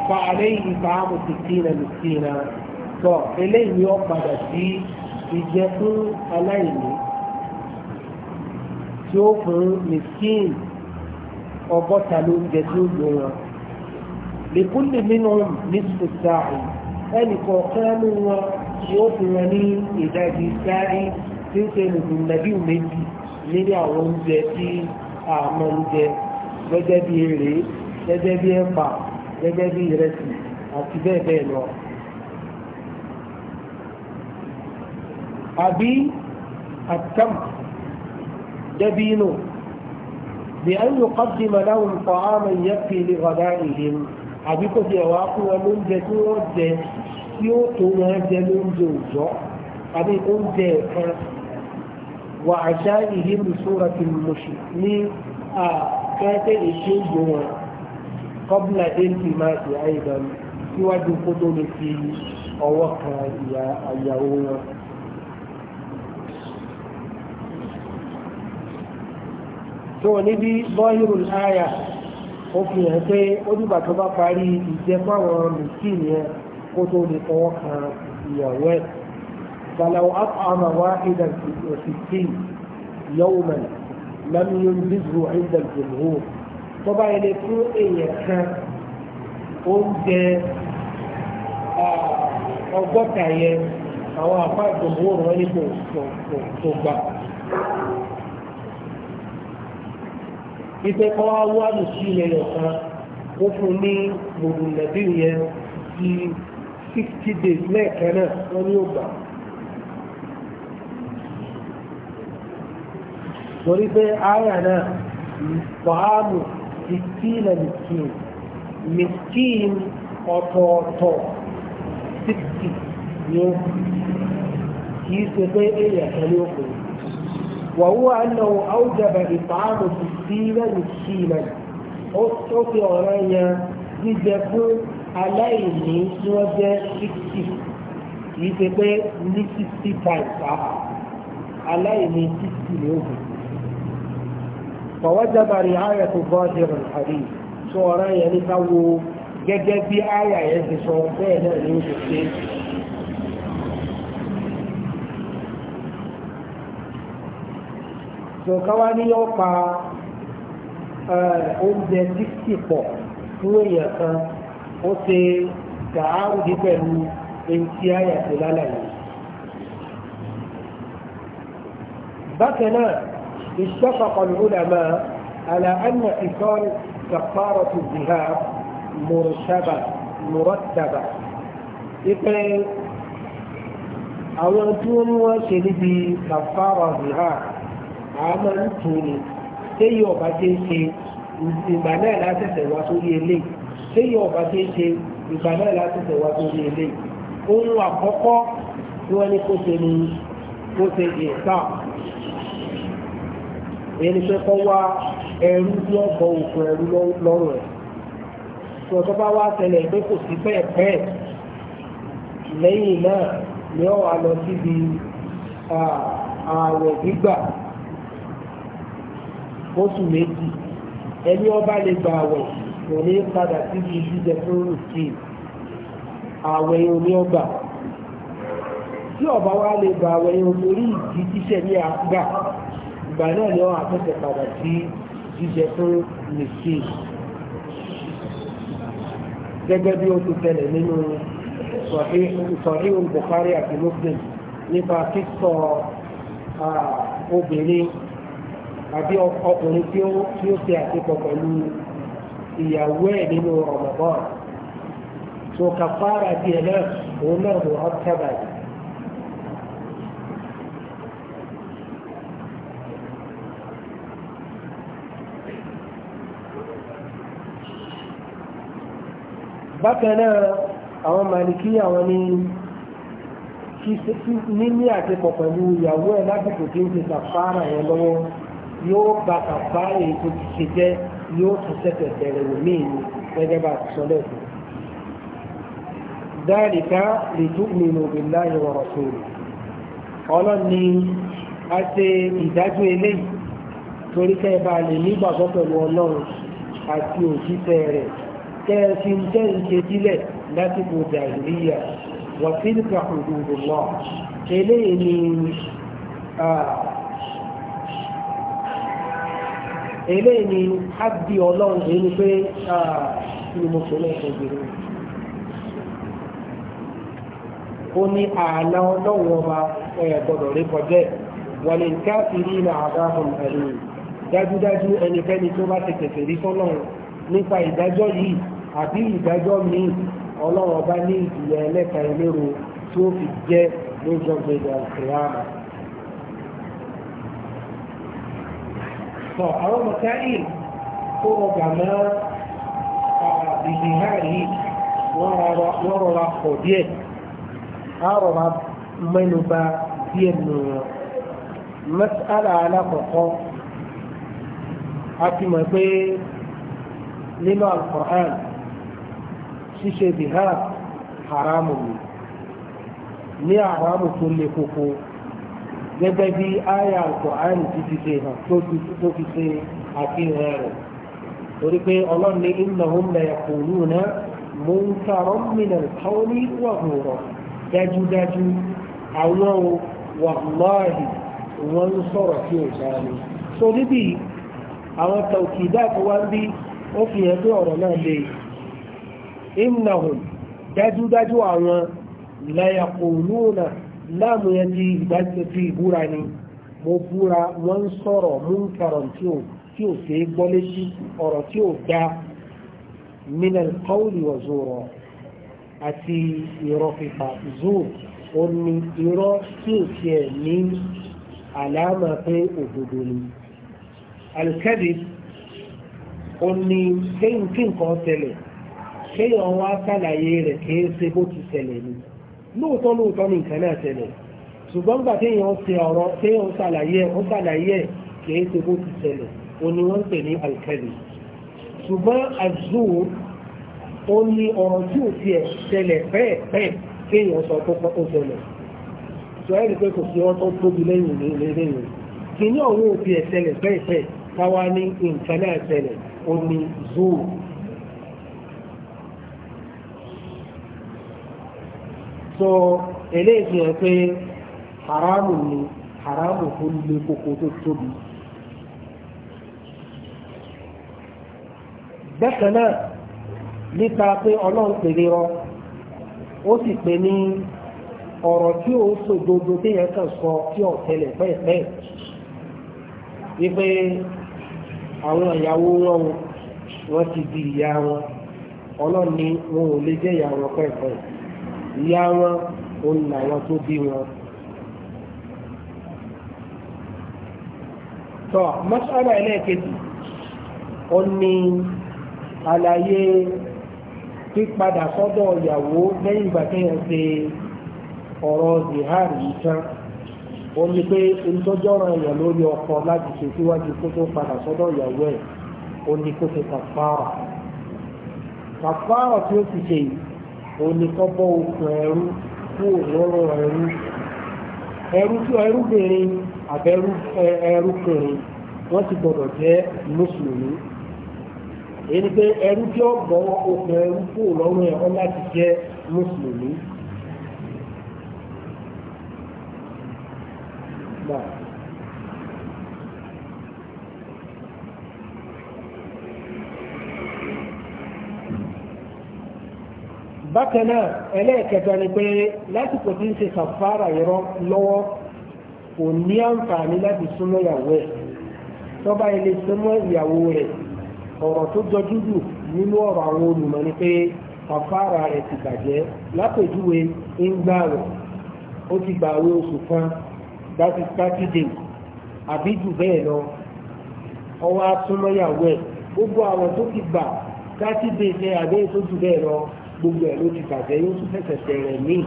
Speaker 2: fa àlẹ́yìn ìfàámu tìtìnà lùtìnà tọ́ eléyìí ó padà sí ìjẹ fún aláìní tí ó fún mìsíìnì ọgọ́ta ló ń jẹ tí ó lò wọn. lèkúlè nínú ní sùtà ẹnì kọ̀ọ̀kan ní wọn yóò fún wọn ní ìdajì sáré tí ó ṣe nùdùn nàbí méjì nínú àwọn oúnjẹ tí a máa ń gẹ́gẹ́ bí èrè gẹ́gẹ́ bí ẹ̀pà gẹ́gẹ́ bí ìrẹsì àti bẹ́ẹ̀ bẹ́ẹ̀ lọ. àbí àtàm dẹ́bí náà. بأن يقدم لهم طعاما يكفي لغدائهم àbíkó ti ẹ̀wà fún wọn lóúnjẹ tí wọ́n jẹ tí ó tó wọn jẹ lóúnjẹ òòjọ́ àbí oúnjẹ ẹ̀kan wà àṣà ìhí lùsúra ti mọ̀ṣù ní àkẹ́kẹ́ èké ìgbò wọn kọ́bùlà éèkì máa ti àìdánù síwájú kó tó lè fi ọwọ́ kan ìyàwó wọn. tó níbi bọ́ìrù láyà ó fi hàn pé ó dìgbà tó bá parí ìjẹ́pọ̀ àwọn mùsùlùmí yẹn kó tó lè fọwọ́ kan ìyàwó ẹ̀. فلو أطعم واحدا وستين يوما لم ينجزه عند الجمهور طبعا يكون إيه كان oúnjẹ ọgọ́ta yẹn àwọn àpá ìjọmọ́ wọn ní kò gbà ipe kọ́ wá wá mùsùlùmí ẹ̀yọ̀ kan ó fún ní gbogbo nàbí yẹn di sixty days lẹ́ẹ̀kan náà wọ́n ní ó gbà. torí pé àyà náà wàhálù sixteen and sixteen miskin ọ̀tọ̀ọ̀tọ̀ sixty ni ó kì í ṣe pé èèyàn kan ní ó kò ní. وهو أنه أوجب إطعام ستين مسكينا أستطيع أن يجدكم aláìní tí wọ́n jẹ́ sixty kìí ṣe pé ní sixty times àpá aláìní sixty ní ògùn. Fọwọ́ jábàrí ààyè tó bọ́ jẹrọ àrí tó ọ̀rọ̀ yẹn ní ká wo gẹ́gẹ́ bí ààyè yẹn ti sọ bẹ́ẹ̀ náà ní oṣù ṣe. tó káwá ní yọ pa oúnjẹ títì pọ̀ fún èèyàn kan ó ṣe gàárùdí pẹ̀lú eŋti àyàtò lálàyé. bákan náà اتفق العلماء على أن إيصال كفارة الذهاب مرتبة مرتبة ipe àwọn tí wọ́n ní wọ́n ṣe níbi kàfàrà zihar àmọ́ ń tún ni ọba tí ń ṣe ìgbà náà látẹ̀sẹ̀ wá sórí eléyìí téyí ọba tí ń ṣe ìgbà náà látẹ̀sẹ̀ wá sórí eléyìí ohun àkọ́kọ́ tí wọ́n ní kó ṣe ni kó ṣe ìta ẹni pé kọ́ wá ẹrú tí wọ́n bọ ẹrú lọ́rùn ẹ̀ tí ọ̀tọ́ bá wá ṣẹlẹ̀ pé kò sí bẹ́ẹ̀ bẹ́ẹ̀ lẹ́yìn náà ni ó wà lọ síbi ààwẹ̀ gbígbà fóṣù méjì ẹni ọba lè gba àwẹ̀ kò ní padà síbi ìdíje fún rìsíì àwẹ̀ yóò ní ọgbà tí ọba wa lè gba àwẹ̀ yóò lórí ìdí tíṣẹ́ ní àgbà ìgbà náà ni wọ́n àtúnṣe padà sí jíjẹ fún rìsíì gẹ́gẹ́ bí ó ti tẹ̀lé nínú sọ̀rí Bukhari àti Muslim nípa kíkọ obìnrin àbí ọkùnrin tí ó tí ó ṣe àṣepọ̀ pẹ̀lú ìyàwó ẹ̀ nínú Ramadan tó kàfàrà tiẹ̀ náà òun náà ló hàn tábàdì. bákan náà àwọn màlìkí àwọn ní níní àṣepọ̀ pẹ̀lú ìyàwó ẹ̀ lásìkò tí ń ṣe kàfàrà yẹn lọ́wọ́ yóò gba bàbá èyí tó ti ṣe jẹ́ yóò tún ṣẹ̀ṣẹ̀ bẹ̀rẹ̀ wò míì ni gẹ́gẹ́ bá ti sọ lẹ́sìn. dáríkà lè tún nínú billahi wa rasulihi ọlọ́ni a ṣe ìdájọ́ eléyìí torí kẹ́ ẹ bá lè nígbàgbọ́ pẹ̀lú ọlọ́run àti òjíṣẹ́ rẹ̀ kẹ́ ẹ fi ń jẹ́ ìṣe sílẹ̀ lásìkò dàìríyà wọ́n ti ń ta òdòdó náà eléyìí ni eléyìí ni ábí ọlọ́run èyí ni pé ni mo sọ lẹ́ẹ̀kan jùlọ ó ní ààlà ọlọ́run ọba ẹ̀ gbọ́dọ̀ rí kọjá wà ní káfíìrì ní àbáhùn ẹ̀rí dájúdájú ẹnikẹ́ni tó bá ti tẹ̀sẹ̀ rí sọ́lọ́run nípa ìdájọ́ yìí àbí ìdájọ́ míì ọlọ́run ọba ní ẹlẹ́ka fi jẹ́ tọ̀ àwọn mọ̀táì tó ọgbà mọ́ ìhìnhá yìí wọ́n rọra pọ̀ díẹ̀ á rọra mẹ́nu bà díẹ̀ nù wọn mẹ́sàlá alákọ̀ọ́kọ́ a ti mọ̀ pé nínú alkùnrán ṣíṣe bìhá haramu ni haramu tó le koko gẹ́gẹ́ bí àyà Al-Qur'an títí ṣe hàn tó fi ṣe àfihàn rẹ̀ torí pé ọlọ́run ní innahum la yaquluna munkaran minal qawli wa huwa dájúdájú àwọn wàláhì wọ́n ń sọ̀rọ̀ sí òṣàlù so níbi àwọn tàùkìdá tó wá ń bí ó fi hàn pé ọ̀rọ̀ náà lè innahum dájúdájú àwọn la yaquluna láàmù yẹn ti ìgbà ti ìbúra ni mo búra wọ́n ń sọ̀rọ̀ mú ń kàrọ̀ tí ò tí ò ṣe é gbọ́ létí ọ̀rọ̀ tí ò dá min al-qawli wa zura àti irọ́ pípa zoro ó ní irọ́ tí ò tiẹ̀ ní àlàámà pé òdodo ni al ó ní kéyìn kí nǹkan tẹ̀lẹ̀ kéyìn ọwọ́ àtàlàyé rẹ̀ kéé ṣe bó ti tẹ̀lẹ̀ ni lóòótọ́ lóòótọ́ ní nǹkan náà tẹ̀lẹ̀ ṣùgbọ́n gbà téèyàn ṣe ọ̀rọ̀ téèyàn ṣàlàyé ẹ̀ ó ṣàlàyé ẹ̀ kìí ṣe bó ti ṣẹlẹ̀ ó ní wọ́n ń pè ní alkali ṣùgbọ́n azúù ó ní ọ̀rọ̀ tí ò tiẹ̀ ṣẹlẹ̀ bẹ́ẹ̀ bẹ́ẹ̀ kéèyàn sọ tó pọ́ ó ṣẹlẹ̀ sọ ẹ́rì pé kò sí wọ́n tó tóbi lẹ́yìn lẹ́yìn kìíní ọ̀rọ̀ ò tiẹ̀ ṣẹlẹ̀ bẹ́ẹ̀ bẹ́ẹ̀ káwa ní nǹkan náà ṣẹlẹ̀ ó ní so eléyìí fi pé haramu ni haramu tó le koko tó tóbi. bákan náà nípa pé ọlọ́run pèrè rọ ó sì pè ní ọ̀rọ̀ tí ó sòdodo téèyàn kàn sọ tí ò tẹlẹ̀ wípé àwọn ti di ìyá wọn ni wọn ò lè jẹ́ ìyá ìyá wọn òun làwọn tó bí wọn. tọ́ mọ́ṣálà ẹlẹ́ẹ̀kejì ó ní àlàyé pípadà sọ́dọ̀ ìyàwó lẹ́yìn ìgbà kéèyàn ṣe ọ̀rọ̀ zihar yìí tán ó ní pé ìtọ́jọ́ ọ̀ràn èèyàn lórí ọkọ láti ṣe síwájú kó tó padà sọ́dọ̀ ìyàwó ẹ̀ ó ní kó ṣe kàfàrà kàfàrà tí ó ti ṣe yìí oníkọ́bọ́ okùn ẹrú kúrò lọ́rọ̀ ẹrú ẹrú tí ẹrúbìnrin àbẹ́rú ẹrúkùnrin wọ́n ti gbọ́dọ̀ jẹ́ mùsùlùmí èyí pé ẹrú tí ó okùn ẹrú kúrò lọ́rọ̀ ẹ̀họ́ láti jẹ́ mùsùlùmí. bákan náà ẹlẹ́ẹ̀kẹta ni pé lásìkò tí ń ṣe kàfàrà ìrọ lọ́wọ́ kò ní àǹfààní láti súnmọ́ ìyàwó ẹ̀ tọ́ba ilé súnmọ́ ìyàwó rẹ̀ ọ̀rọ̀ tó jọjú jù nínú ọ̀rọ̀ àwọn olùmọ̀ ni pé kàfàrà rẹ̀ ti bàjẹ́ lápèjúwe ń gbà rẹ̀ ó ti gbà àwẹ̀ oṣù kan that is thirty days àbí jù bẹ́ẹ̀ lọ ọwọ́ asúnmọ́ ìyàwó ẹ̀ gbogbo àwọn tó ti gbà thirty days ẹ̀ àbẹ́ tó jù bẹ́ẹ̀ lọ gbogbo ẹ̀ ló ti bàjẹ́ yóò tún fẹsẹ̀ bẹ̀rẹ̀ míì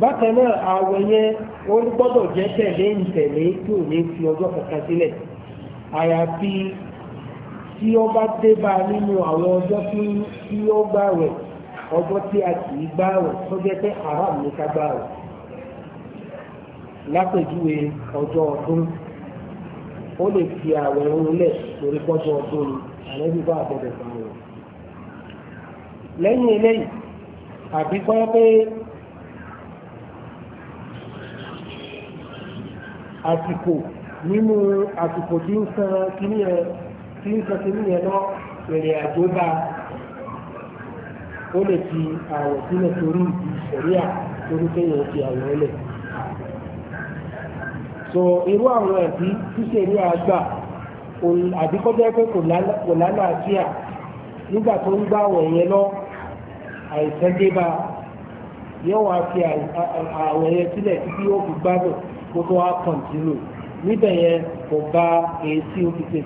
Speaker 2: bákan náà àwẹ̀ yẹn ó gbọ́dọ̀ jẹ́ tẹ̀lé ìtẹ̀lé tí ò ní fi ọjọ́ kankan sílẹ̀ àyàfi tí ó bá dé bá a nínú àwọn ọjọ́ tí ó gbà wẹ̀ ọjọ́ tí a kì í gbà wẹ̀ tó jẹ́ pé haram ní ká gbà wẹ̀ lápèjúwe ọjọ́ ọdún ó lè fi àwẹ̀ òun lẹ̀ lórí pọ́jọ́ ọdún ni àlẹ́ bí a gbọ́dọ̀ lẹ́yìn eléyìí àbí kọ́ pé àsìkò nínú àsìkò tí ń san kíní ẹ tí ń san kíní ẹ lọ ìrìn àjò bá ó lè fi àwọ̀ sílẹ̀ torí ìṣẹ̀ríà torí kéèyàn fi àwọ̀ ẹlẹ̀ so irú àwọn ẹ̀bí ṣíṣe ní àgbà àbí pé kò lálàáfíà nígbà tó ń gbà wọ̀nyẹn lọ́wọ́ àìsàn dé bá yóò wá fi àwẹ̀ yẹn sílẹ̀ títí yóò fi gbádùn ko tó wá kọ̀ǹtínú níbẹ̀ yẹn kò bá èyí tí fi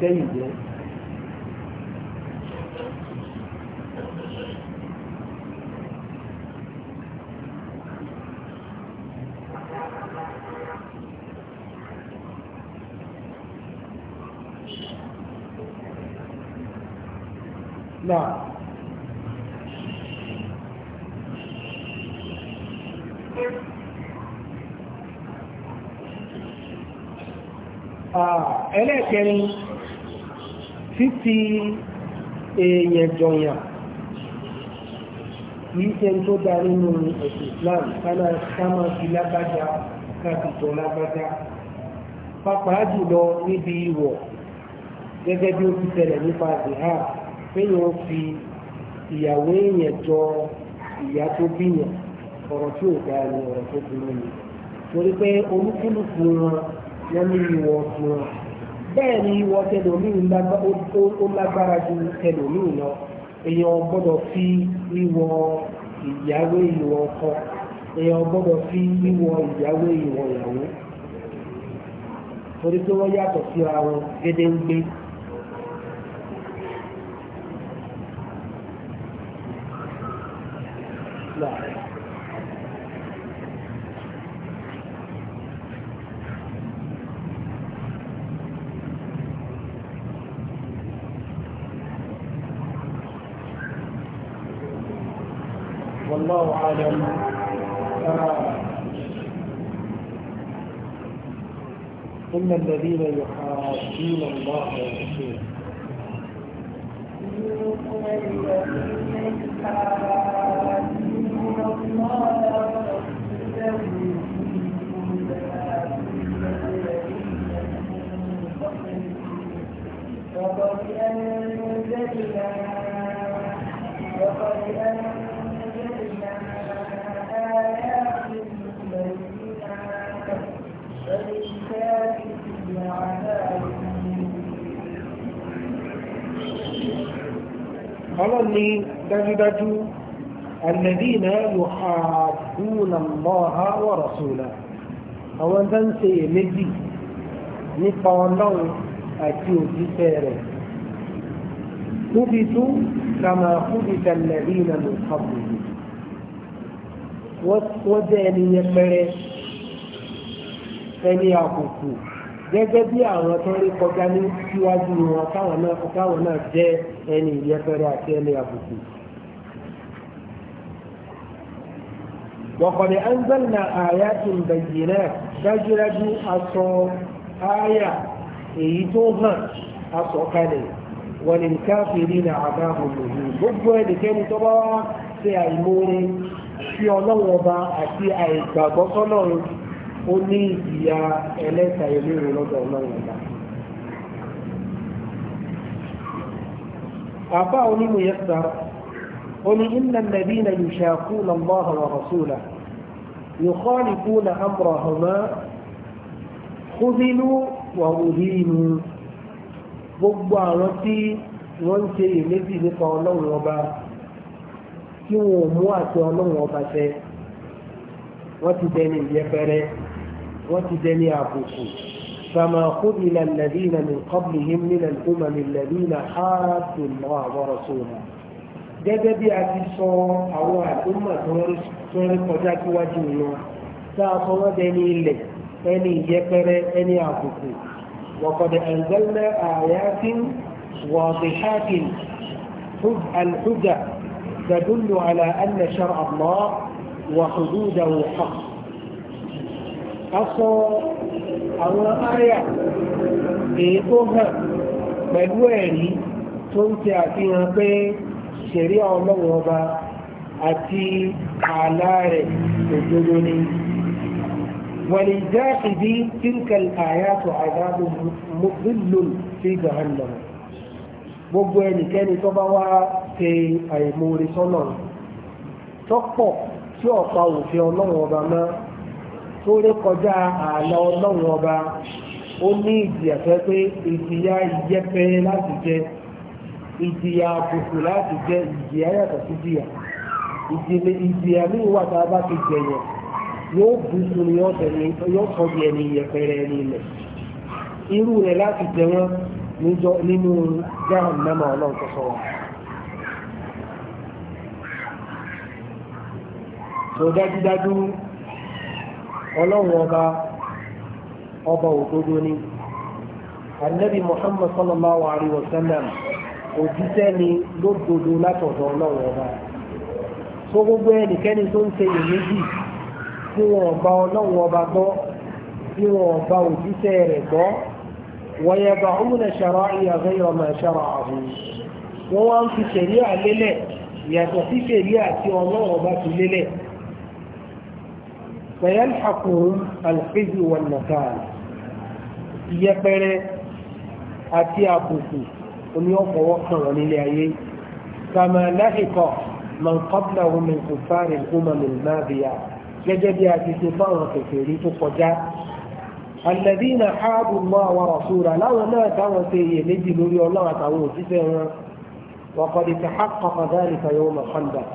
Speaker 2: ẹlẹ́ẹ̀kẹrin títí èèyàn jọyàn ya ṣe tó dá nínú ẹ̀sìn Islam káma fi lágbájá káàkì jọ lágbájá pàápàá jùlọ níbi ìwọ̀ gẹ́gẹ́ bí ó ti tẹ̀lẹ̀ nípa àdìhà péyàn fi ìyàwó èèyàn jọ ìyá tó bíyàn ọ̀rọ̀ tí ò dáa ni ọ̀rọ̀ tó burú ni torí pé olúkúlùkù wọn ní ìwọ̀ ọ̀tún wọn. bẹ́ẹ̀ ni ìwọ tẹlòmíì ó lágbára ju tẹlòmíì lọ èèyàn gbọ́dọ̀ fi ìwọ ìyàwó ìwọ ọkọ èèyàn gbọ́dọ̀ fi ìwọ ìyàwó ìwọ ìyàwó torí pé wọ́n yàtọ̀ síra wọn gédéńgbé. أعلم إن الذين يحاربون الله ورسوله
Speaker 3: إن الذين يحاربون الله
Speaker 2: ọlọ́ni dájúdájú alladhina yuhabbuna Allaha wa rasulahu àwọn tó ń ṣe èméjì nípa ọlọ́run àti òjíṣẹ́ rẹ̀ kúbitú kàmá kúbitá alladhina min qablihi wọ́n jẹ́ ẹni yẹpẹrẹ ẹni àkùkù gẹ́gẹ́ bí àwọn tó ń rí kọjá ní síwájú wọn táwọn náà jẹ́ ẹni ìyẹpẹrẹ àti ẹni àbùkù. وقد أنزلنا آيات بينات dájúdájú aṣọ ááyà èyí tó hàn aṣọ kalẹ̀ wọ́n ní káfíìrì ní àbáhùn lòdì gbogbo ẹnikẹ́ni tó bá wá ṣe àìmóore sí ọlọ́wọ́ ọba àti àìgbàgbọ́ ó ní ìyà ẹlẹ́ta ìlú ìrọ̀lọ́dọ̀ ọlọ́run ọba. àbá onímọ̀ yẹn sọ̀rọ̀ ó ní iná nàbí na yùṣàkú na mọ́hàn wà rọ̀ṣúlà yùkọ́lìkú na amúrọ̀hùnmá kúbínú wà òdìínú gbogbo àwọn tí wọ́n ṣe ìlédì nípa ọlọ́run ọba tí wọn mú àti ọlọ́run ọba tẹ wọ́n ti dẹni ìyẹpẹrẹ wọ́n ti dẹni àbùkù. فما قبل الذين من قبلهم من الأمم الذين حادوا الله ورسوله gẹ́gẹ́ bí a ti sọ àwọn àdúmọ̀ tó ń kọjá síwájú wọn tá a sọ وقد أنزلنا آيات واضحات الحجة تدل على أن شرع الله وحدوده حق أصل àwọn áyà èyí tó hàn pẹ̀lú ẹ̀rí tó ń ṣe àfihàn pé ṣẹ̀rí ọlọ́run ọba àti ààlà rẹ̀ òdodo ni وللجاحد تلك الآيات عذاب مضل في جهنم gbogbo ẹnikẹ́ni tó bá wá ṣe àìmoore sọ́nà tọ́pọ̀ tí ọ̀pá òfin ọlọ́run ọba ma. tó rí kọjá ààlà ọba ó ní ìjìyà pé ìjìyà ìyẹpẹ láti jẹ ìdíyà àbùkù láti jẹ ìdíyà yàtọ̀ sí díyà ìdíyà ní ìwà tá a bá ti yẹn yóò bùkù yóò ẹni ẹni ilẹ̀ irú rẹ̀ láti jẹ wọn nínú mẹ́mọ̀ ọlọ́run wọn. tó dájúdájú ọlọ́run ọba ọba òdodo ni anabi muhammad sallallahu alayhi wa sallam òjíṣẹ́ ni lódodo látọ̀dọ̀ ọlọ́run ọba tó gbogbo ẹnikẹ́ni tó ń ṣe iyèméjì tí wọn bá ọlọ́run ọba gbọ́ tí wọn bá òjíṣẹ́ rẹ̀ gbọ́ ويضعون شرائع غير ما شرعه وان في شريعة لله يتفي شريعة الله وبات لله فيلحقهم الخزي والنكال يبرى أتي أبوكي أن يوقع للعيه كما لحق من قبله من كفار الأمم الماضية يجب اعتكفاء كثير تقجا الذين حابوا الله ورسوله لو لا توسي لجلوا الله تعالى وقد تحقق ذلك يوم خندق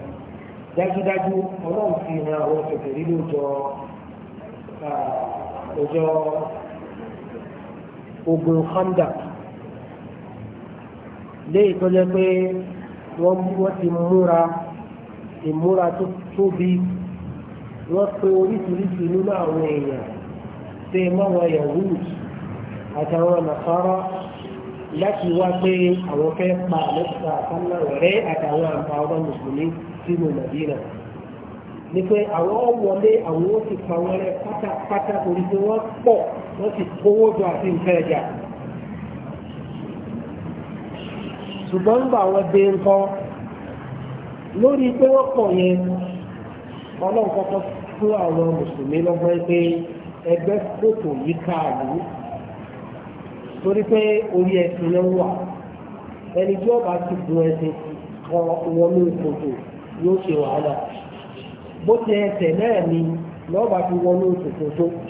Speaker 2: dájúdájú ọlọ́run fi ran àwọn kẹfẹ́ rí lóòjọ́ ọjọ́ ogun kanda léyìí tó jẹ́ pé wọ́n ti múra ìmúra tó tóbi wọ́n pe oríṣiríṣi nínú àwọn èèyàn ṣe mọ́wọ́ yahoo àtàwọn nàfárá láti wá pé àwọn fẹ́ pa àlẹ́sà àtàwọn ọ̀rẹ́ àtàwọn àǹfààní mùsùlùmí sínú Madina ni pé àwọn wọlé àwọn ó ti pa wọn rẹ pátápátá torí pé wọ́n pọ̀ wọ́n ti kówó jọ àti nǹkan ẹja ṣùgbọ́n gbà wọ́n dé ńkọ́ lórí pé wọ́n pọ̀ yẹn ọlọ́run kọ́kọ́ fún àwọn mùsùlùmí lọ́gbọ́n pé ẹgbẹ́ kòtò yìí káàlù torí pé orí ẹ̀sìn ló wà ẹni tí ọba ti gun ẹ̀sìn kọ wọnú kòtò. yóò ṣe wàhálà bó tẹ ẹsẹ̀ náà ni lọ́ọ̀bà fi wọnú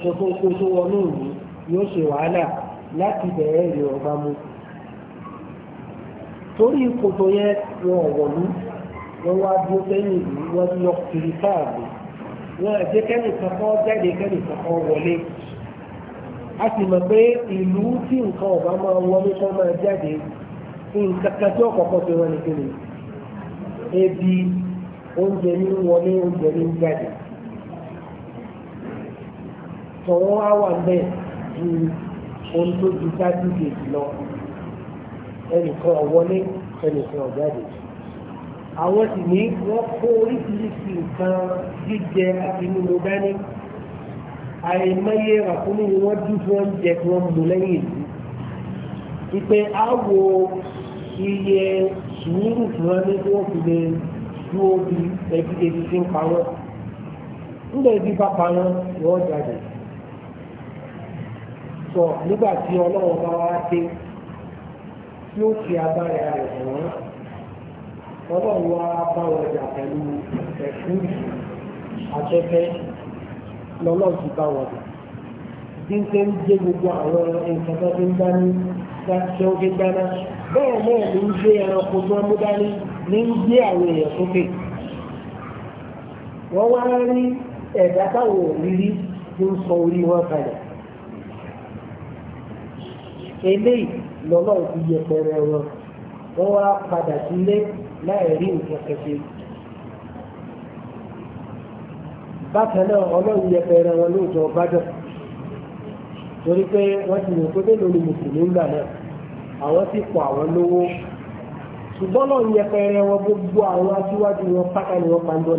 Speaker 2: kòkó tó wọnú yìí yóò ṣe wàhálà láti bẹ̀rẹ̀ ọba mu torí kòtò yẹn wọn ò wọ̀lú wọn wá dúró sẹ́yìn ìlú wọn lọ kiri káàbù wọn ẹ̀jẹ̀ kẹ́nì kankan jáde kẹ́nì kankan wọlé a sì mọ̀ pé ìlú tí nǹkan máa wọlé máa jáde nǹkan kan tí ni ebi oúnjẹ ní wọlé oúnjẹ ní jáde tọ̀wọ́ á wà bẹ́ẹ̀ ju ohun tó ju sáájú kejì lọ ẹnìkan ọ̀wọ́lé ẹnìkan ọ̀jáde àwọn sì ní wọ́n kó oríṣiríṣi nǹkan jíjẹ àti mímu dání àìmọye ràkúnmí ni wọ́n dùn tí wọ́n tí wọ́n mú lẹ́yìn ìlú wípé á wo iye sùúrù tí wọ́n ní tí wọ́n fi lè dúró bí ẹbí ebi ti ń pa wọn nígbà ebi bá pa wọn ni wọ́n jáde sọ nígbà tí ọlọ́run bá wá dé tí ó fi agbára rẹ̀ wọ́n ọlọ́run wá bá wọn jà pẹ̀lú ẹ̀kún afẹ́fẹ́ lọ́lọ́run ti bá wọn jà bí ń ṣe ń gbé gbogbo àwọn nǹkan tó ti ń dání tó ń gbé dáná bẹ́ẹ̀ náà ló ń gbé ẹranko tó ń mú dání. ní ń gbé àwọn èèyàn sókè wọ́n wá rí ẹ̀dá táwọn òrírí ló ń sọ orí wọn kalẹ̀ eléyìí lọ́nà yẹpẹrẹ wọn wọ́n wá padà sílé láì nǹkan kẹfẹ́ bákan náà ọlọ́run yẹpẹrẹ wọn Tori bádàn torí wọ́n ti rò pé mélòó ni mùsùlùmí ń náà àwọn ti pọ̀ ṣùgbọ́n náà yẹ pẹrẹ wọn gbogbo àwọn aṣíwájú wọn pátá pa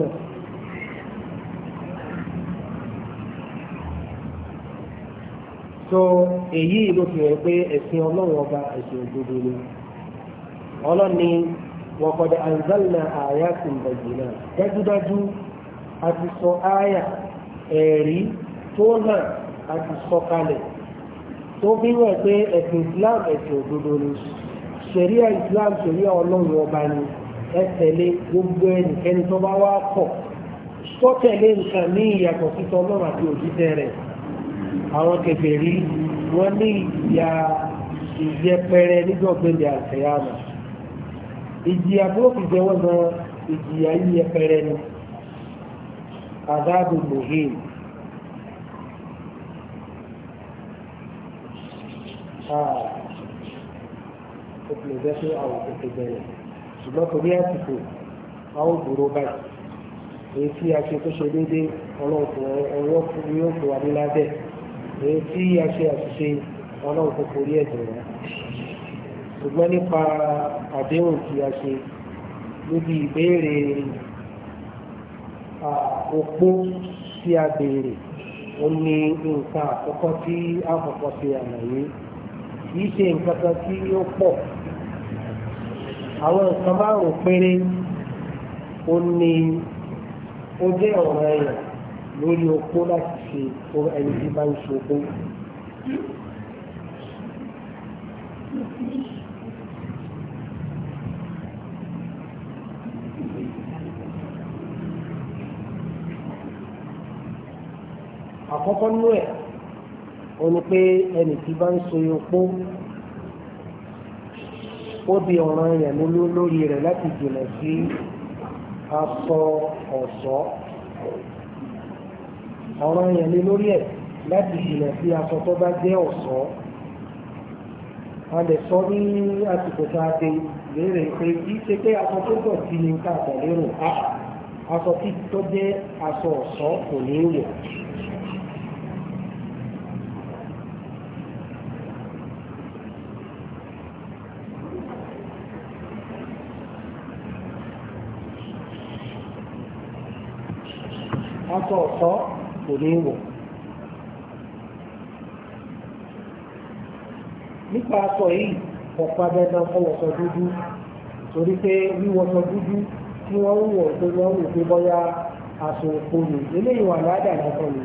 Speaker 2: so èyí ló fi hàn pé ẹ̀sìn ọlọ́run ọba ẹ̀sìn òdodo ni ọlọ́ni wa qad anzalna dájúdájú a ti sọ àyà ẹ̀rí tó náà a ti sọ kalẹ̀ tó fi hàn pé ẹ̀sìn Islam ẹ̀sìn ṣẹ̀ríà islam ṣẹ̀ríà ọlọ́run ọba ni ẹ tẹ̀lé gbogbo ẹnikẹ́ni tó bá wá kọ̀ tó tẹ̀lé nǹkan ní ìyàtọ̀ títọ́ ọlọ́run àti òjíṣẹ́ rẹ̀ àwọn kèfèrí wọ́n ní ìyà ìyẹpẹrẹ nígbàgbẹ́lẹ̀ àtẹ̀yàmà ìjìyà tó fi jẹ́wọ́ náà ìjìyà ìyẹpẹrẹ ni àdáàbò mohim Ah kò tó lè jẹ́ pé àwọn òkèkè bẹ̀rẹ̀ ṣùgbọ́n torí àsìkò a ó dúró báyìí èyí tí a ṣe tó ṣe déédéé ọlọ́ọ̀kùn ọwọ́ fún yóò fún wa ní lábẹ́ èyí tí a ṣe àṣìṣe ọlọ́ọ̀kùn kò rí ẹ̀jẹ̀ rẹ̀ ṣùgbọ́n nípa àdéhùn tí a ṣe níbi ìbéèrè òpó tí a béèrè ó ní nǹkan àkọ́kọ́ tí a kọ́kọ́ ṣe àlàyé kì í ṣe nǹkan kan tí ó pọ̀ àwọn nǹkan márùn péré ó ní ó jẹ́ ọ̀ràn ẹ̀yàn lórí opó láti ṣe ẹni tí bá ń ṣopó. àkọ́kọ́ nú ẹ̀ ó ní pé ẹni tí bá ń so opó ó di ọ̀ràn rẹ̀ lóló lórí rẹ̀ láti jìnà sí aṣọ ọ̀ṣọ́ ọ̀ràn rẹ̀ lé lórí ẹ̀ láti jìnà sí aṣọ tó bá jẹ́ ọ̀ṣọ́ a lè sọ ní àsìkò tá a dé léèrè pé kì í ṣe pé aṣọ tó dọ̀tí ni ká àtàlérò aṣọ tó jẹ́ aṣọ ọ̀ṣọ́ kò ní í wọ̀. aṣọ ọ̀tọ̀ kò ní wọ̀. nípa aṣọ yìí ọ̀pá dandan fọwọ́sọ dúdú torí pé wíwọṣọ dúdú tí wọ́n ń wọ̀ pé wọ́n rò pé bọ́yá aṣọ òpó ni eléyìí wà ládà lásán ni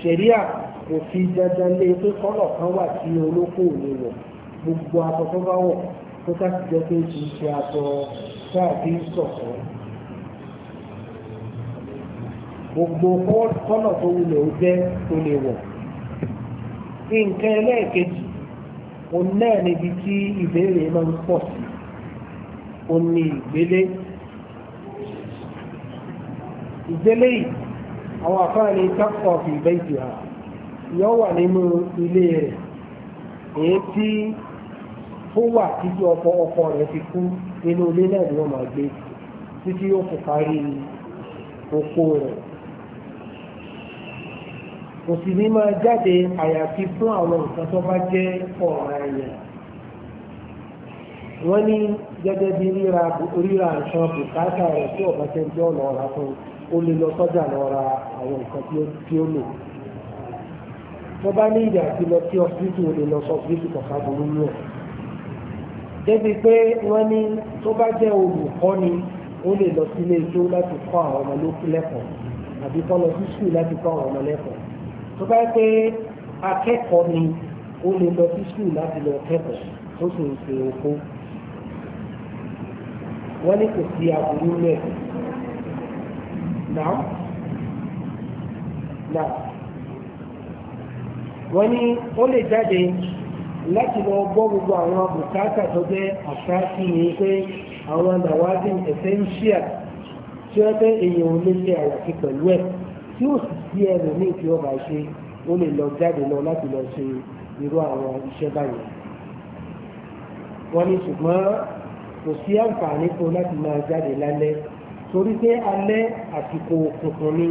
Speaker 2: ṣẹ̀ríà kò fi dandan lé pé kọ́lọ̀ kan wà tí olóko ò lè wọ̀ gbogbo aṣọ tó bá wọ̀ tó ká sì jẹ́ pé kì í ṣe aṣọ káàdì sọ̀tọ̀. gbogbo kọ́nà tó wulẹ̀ ó jẹ́ tó lè wọ̀. nǹkan ẹlẹ́ẹ̀kejì òun náà níbi tí ìbéèrè máa ń pọ̀ sí awa afọ ìgbélé. ìgbélé yìí àwọn àfáàní tápọ̀ fi ìbẹ́ ìdì hà yóò wà nínú ilé rẹ̀ èyí tí ó wà títí ọkọ ọkọ rẹ̀ ti kú nínú ilé náà ni wọ́n máa gbé kò sì ní máa jáde àyàfi fún àwọn nǹkan tó bá jẹ́ ọ̀ràn ẹ̀yàn wọ́n ní gẹ́gẹ́ bí ríra ríra nǹkan bùkátà rẹ̀ tí ọ̀bá tẹ́ jẹ́ ọ̀nà ọ̀ra fún ó lè lọ sọ́jà lọ ra àwọn nǹkan tí ó lò tó bá ní ìyà àti lọ sí ọsibítù ó lè lọ sọ ọsibítù kọ̀ọ̀kan burú nù ẹ̀ débi pé wọ́n ní tó bá jẹ́ olùkọ́ni ó lè lọ sílé ijó láti kọ́ àwọn ọmọ lẹ́kọ̀ọ́ àbí kọ́ lọ sí sùúrù láti kọ́ àwọn ọmọ lẹ́kọ̀ọ́ tó bá pé akẹ́kọ̀ọ́ ni ó lè lọ sí skul láti lọ kẹ́kọ̀ọ́ tó sì ń ṣe oko wọ́n ní kò sí àbúrú rẹ̀ náà náà wọ́n ní ó lè jáde láti lọ gbọ́ gbogbo àwọn bùkátà tó jẹ́ àṣáájú ní pé àwọn nàwádìí essential tí wọ́n fẹ́ èèyàn lè ṣe àyàfi pẹ̀lú ẹ̀ tí ó sì sí ẹnu ní ìfi ọba ṣe ó lè lọ jáde lọ láti lọ ṣe irú àwọn iṣẹ́ báyìí. wọ́n ní ṣùgbọ́n kò sí àǹfààní fún láti máa jáde lálẹ́ torí pé alẹ́ àsìkò òkùnkùn ni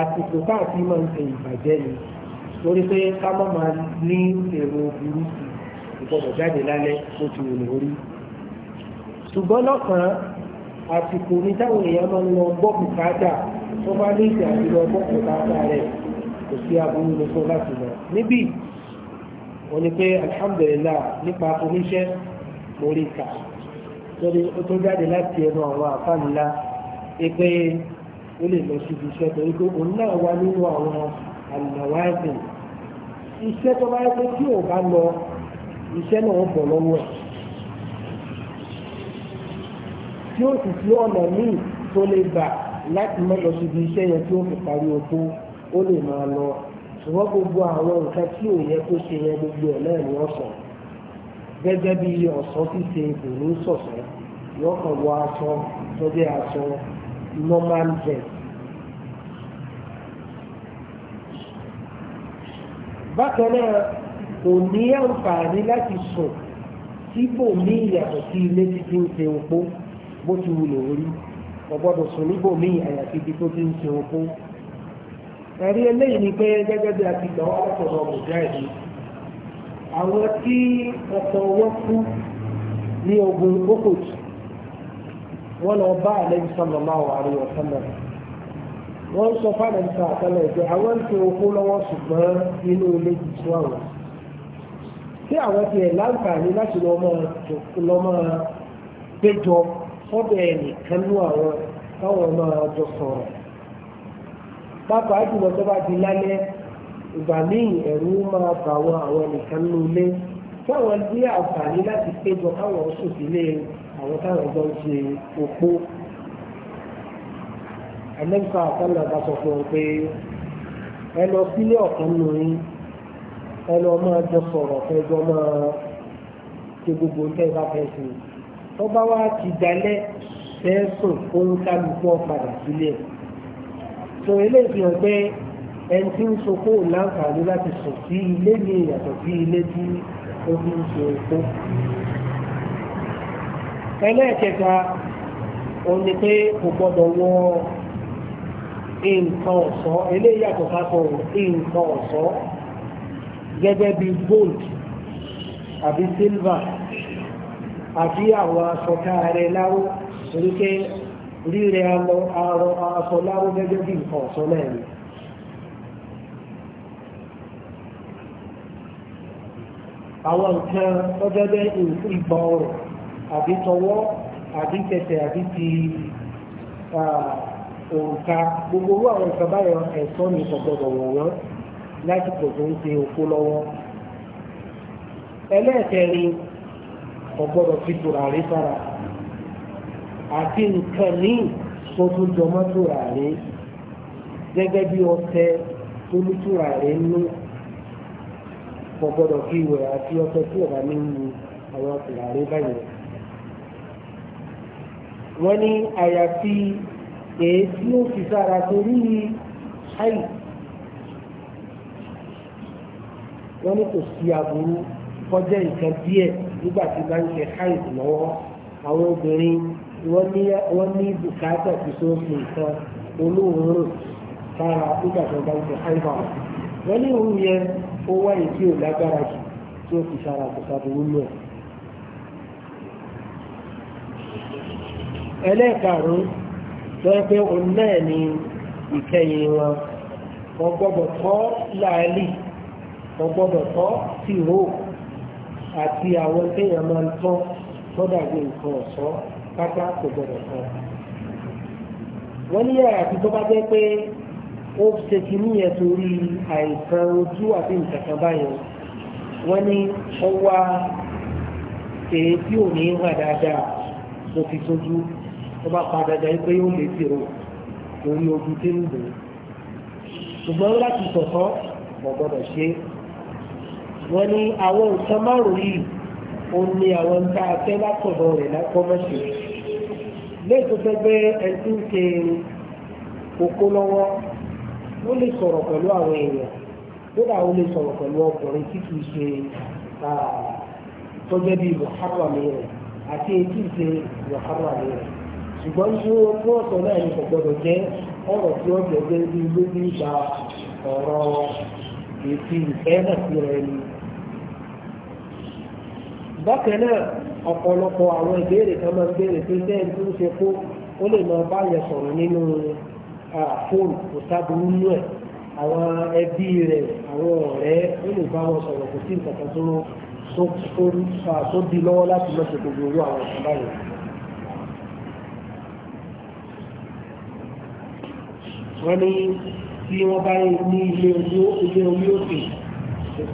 Speaker 2: àsìkò káàkiri máa ń ṣe ìbàjẹ́ ni torí pé ká má máa ní èrò burúkú ìgbọ́dọ̀ jáde lálẹ́ ó ti wòlò orí. ṣùgbọ́n lọ́kàn àsìkò ní táwọn èèyàn máa ń lọ gbọ́ bùkátà tó bá ní ìjà ìlọ ọgbọ́kùn dáadáa rẹ̀ kò sí aburú lóso láti lọ níbí o ní pé alhamdulillah nípa oníṣẹ́ lórí ìka lórí ó tó jáde láti ẹnu àwọn àfáàlá pé ó lè lọ síbi iṣẹ́ torí pé òun náà wá nínú àwọn àlùmọ̀wáìsì iṣẹ́ tó bá pé tí ò bá lọ iṣẹ́ náà bọ̀ lọ́wọ́ ẹ̀ tí ó sì fi ọ̀nà míì tó lè gbà láti má lọ síbi iṣẹ́ yẹn tí ó fi parí oko ó lè máa lọ ṣùgbọ́n gbogbo àwọn nǹkan tí ò yẹ kó ṣe yẹn gbogbo ẹ̀ náà ni wọ́n sọ gẹ́gẹ́ bí ọ̀sán ṣíṣe kò ní sọ̀sẹ̀ yọ kàn wọ aṣọ tó jẹ́ aṣọ normal dress. bákan náà kò ní àǹfààní láti sùn síbò ní ìyàtọ̀ sí ilé títí ń ṣe opó bó ti wulẹ̀ orí ọgbọ́dọ̀ sùn níbò míì àyàfi ibi tó ti ń ṣe okó ẹ̀rí eléyìí ni pé gẹ́gẹ́ bí a ti gbà wá látọ̀dọ̀ mùjáìdì àwọn tí ọkọ̀ wọn kú ní ogun okòt wọn lọ bá àlẹ́bí sọ̀nà máa wà rí ọ̀sán náà wọ́n sọ fáwọn ẹ̀ka ẹ̀jẹ̀ àwọn ń ṣe okó lọ́wọ́ ṣùgbọ́n inú ilé ti tú àwọn tí àwọn ti ẹ̀ láǹfààní láti lọ́ mọ́ péjọ sọ́dọ̀ ẹnìkan nú àwọn táwọn máa jọ sọ̀rọ̀ pàápàá jùlọ tó bá di lálẹ́ ìgbà míì ẹ̀rù máa bà wọ àwọn nìkan nú ilé táwọn ní àǹfààní láti péjọ káwọn oṣù sílé àwọn táwọn jọ ń ṣe òpó ẹlẹ́gbẹ̀ẹ́ àtàlà bá sọ fún ọ pé ẹ lọ sílé ọ̀kan nù yín ẹ lọ máa jọ sọ̀rọ̀ fẹ́ jọ máa ṣe gbogbo tẹ́ ẹ bá fẹ́ sí i tọ́ba wa ti dalẹ̀ fẹ́ẹ́sùn olúkálukú ọ̀padà sílẹ̀ tó eléyìí fi hàn pé ẹni tí ń sokó láǹfààní láti sùn sí ilé ní ìyàtọ̀ sí ilé tí ó fi ń ṣe okó ẹlẹ́ẹ̀kẹta òun ni pé kò gbọ́dọ̀ wọ nǹkan ọ̀ṣọ́ eléyìí yàtọ̀ sáfọ̀ nǹkan ọ̀ṣọ́ gẹ́gẹ́ bí gold àbí silver àti àwọn aṣọká rẹ láró oríkẹ́ rírẹ arọ aṣọ láró gẹ́gẹ́ bí nǹkan ọ̀sán náà ni. àwọn nǹkan ọjọ́jẹ́ ìgbà ọ̀rọ̀ àbí tọwọ́ àbí tẹsẹ̀ àbí ti òǹkà gbogbo owó àwọn nǹkan báyọ̀ ẹ̀sọ́ ní ìfọ̀gbọ̀dọ̀ wọ̀nyán láti pọ̀ tó ń ṣe òkú lọ́wọ́. ẹlẹ́ẹ̀kẹrin ọgbọ́dọ̀ fi tùràrí sára àti nǹkan ní sọ́túnjọmọ́ tùràrí gẹ́gẹ́ bí ọtẹ tó ní tùràrí nú ọgbọ́dọ̀ fi wẹ̀ àti ọtẹ tí ọ̀gá ní mu àwọn tùràrí báyìí. wọ́n ní àyàfi èyí tí ó fi sára torí ṣáì wọ́n ní kò sí aburú kọjá nǹkan díẹ̀ nígbà tí bá ń ṣe háìs lọ́wọ́ àwọn obìnrin wọ́n ní bùkátà tí tó fi nǹkan olóòórùn sára nígbà tí bá ń ṣe háìs àwọn. wọ́n ní òun yẹn ó wá èyí ò lágbára jù tí ó fi sára bùkátà wúlò ẹ̀. ún tó ń ni ìkẹyìn wọn wọ́n gbọ́dọ̀ tọ́ láàlì wọ́n gbọ́dọ̀ tọ́ sí ìhóòkù àti àwọn téèyàn máa ń tọ́ lọ́dà bí nǹkan ọ̀ṣọ́ pátá kò gbọdọ̀ kan. wọ́n ní yàrá àti tó bá jẹ́ pé ó ṣe kìíní yẹn torí àìsàn ojú àti nǹkan kan báyẹn wọ́n ní ó wá èyí tí hàn dáadáa ló fi tójú tó bá pa dandan pé yóò lè tèrò lórí ojú tí ń lò ṣùgbọ́n láti sọ̀tọ́ ọ̀gbọ́dọ̀ ṣe é wọ́n ní àwọn nǹkan márùn-ún yìí ó ní àwọn tá a fẹ́ látọ̀dọ̀ rẹ̀ lákọ́mọ́sí lẹ́ẹ̀tọ́ fẹ́ gbé ẹtí ń ṣe kókó lọ́wọ́ ó lè sọ̀rọ̀ pẹ̀lú àwọn èèyàn kódà ó lè sọ̀rọ̀ pẹ̀lú ọkùnrin tí kìí ṣe tọ́jọ́ bíi wàhálà mi rẹ̀ àti etí ṣe wàhálà mi rẹ̀ ṣùgbọ́n tí wọ́n tí wọ́n náà ní kò jẹ́ ọ̀rọ̀ tí wọ́n jẹ́ gbé bíi lójú ìgbà ọ̀rọ̀ ètí ìfẹ́ náà sí rẹ̀ ni bákan náà ọ̀pọ̀lọpọ̀ àwọn ìbéèrè kan máa ń béèrè pé bẹ́ẹ̀ tó ń ṣe kó ó lè máa bá yẹn sọ̀rọ̀ nínú fóònù kò sábúrú nínú ẹ̀ àwọn ẹbí rẹ̀ àwọn ọ̀rẹ́ ó lè bá wọn sọ̀rọ̀ kò sí nǹkan tó tó di lọ́wọ́ láti má ṣe gbogbo owó àwọn ìṣẹ̀lá yẹn. wọ́n ní bí wọ́n bá ní ilé orí òkè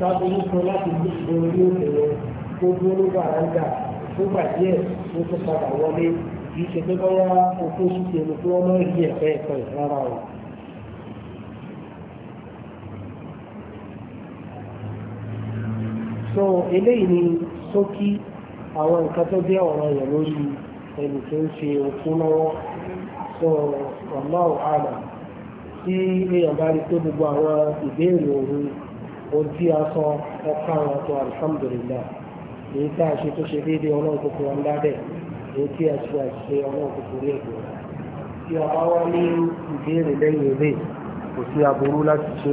Speaker 2: kò kan láti gbé ilé orí òkè wọn tó dúró ní bàráńdà tó gbà díẹ̀ tó tó padà wọlé kìí ṣe pé bọ́yá okó ṣíṣe ni kí wọ́n rí ẹ̀fẹ́ ẹ̀kọ́ ìrara o. so eléyìí ni ṣókí àwọn nǹkan tó jẹ́ ọ̀rọ̀ yẹn lórí ẹni tó ń ṣe okó lọ́wọ́ so ọ̀nà àlà tí èèyàn bá rí pé gbogbo àwọn ìbéèrè òru ohun tí a sọ alhamdulilayi èyí tá a ṣe tó ṣe déédé ọlọ́run kò fún wa ńlá bẹ́ẹ̀ èyí tí a ṣe àṣìṣe ọlọ́run kò fún ilé ìgbìmọ̀ tí a bá wá ní ìbéèrè lẹ́yìn eré kò sí aburú láti ṣe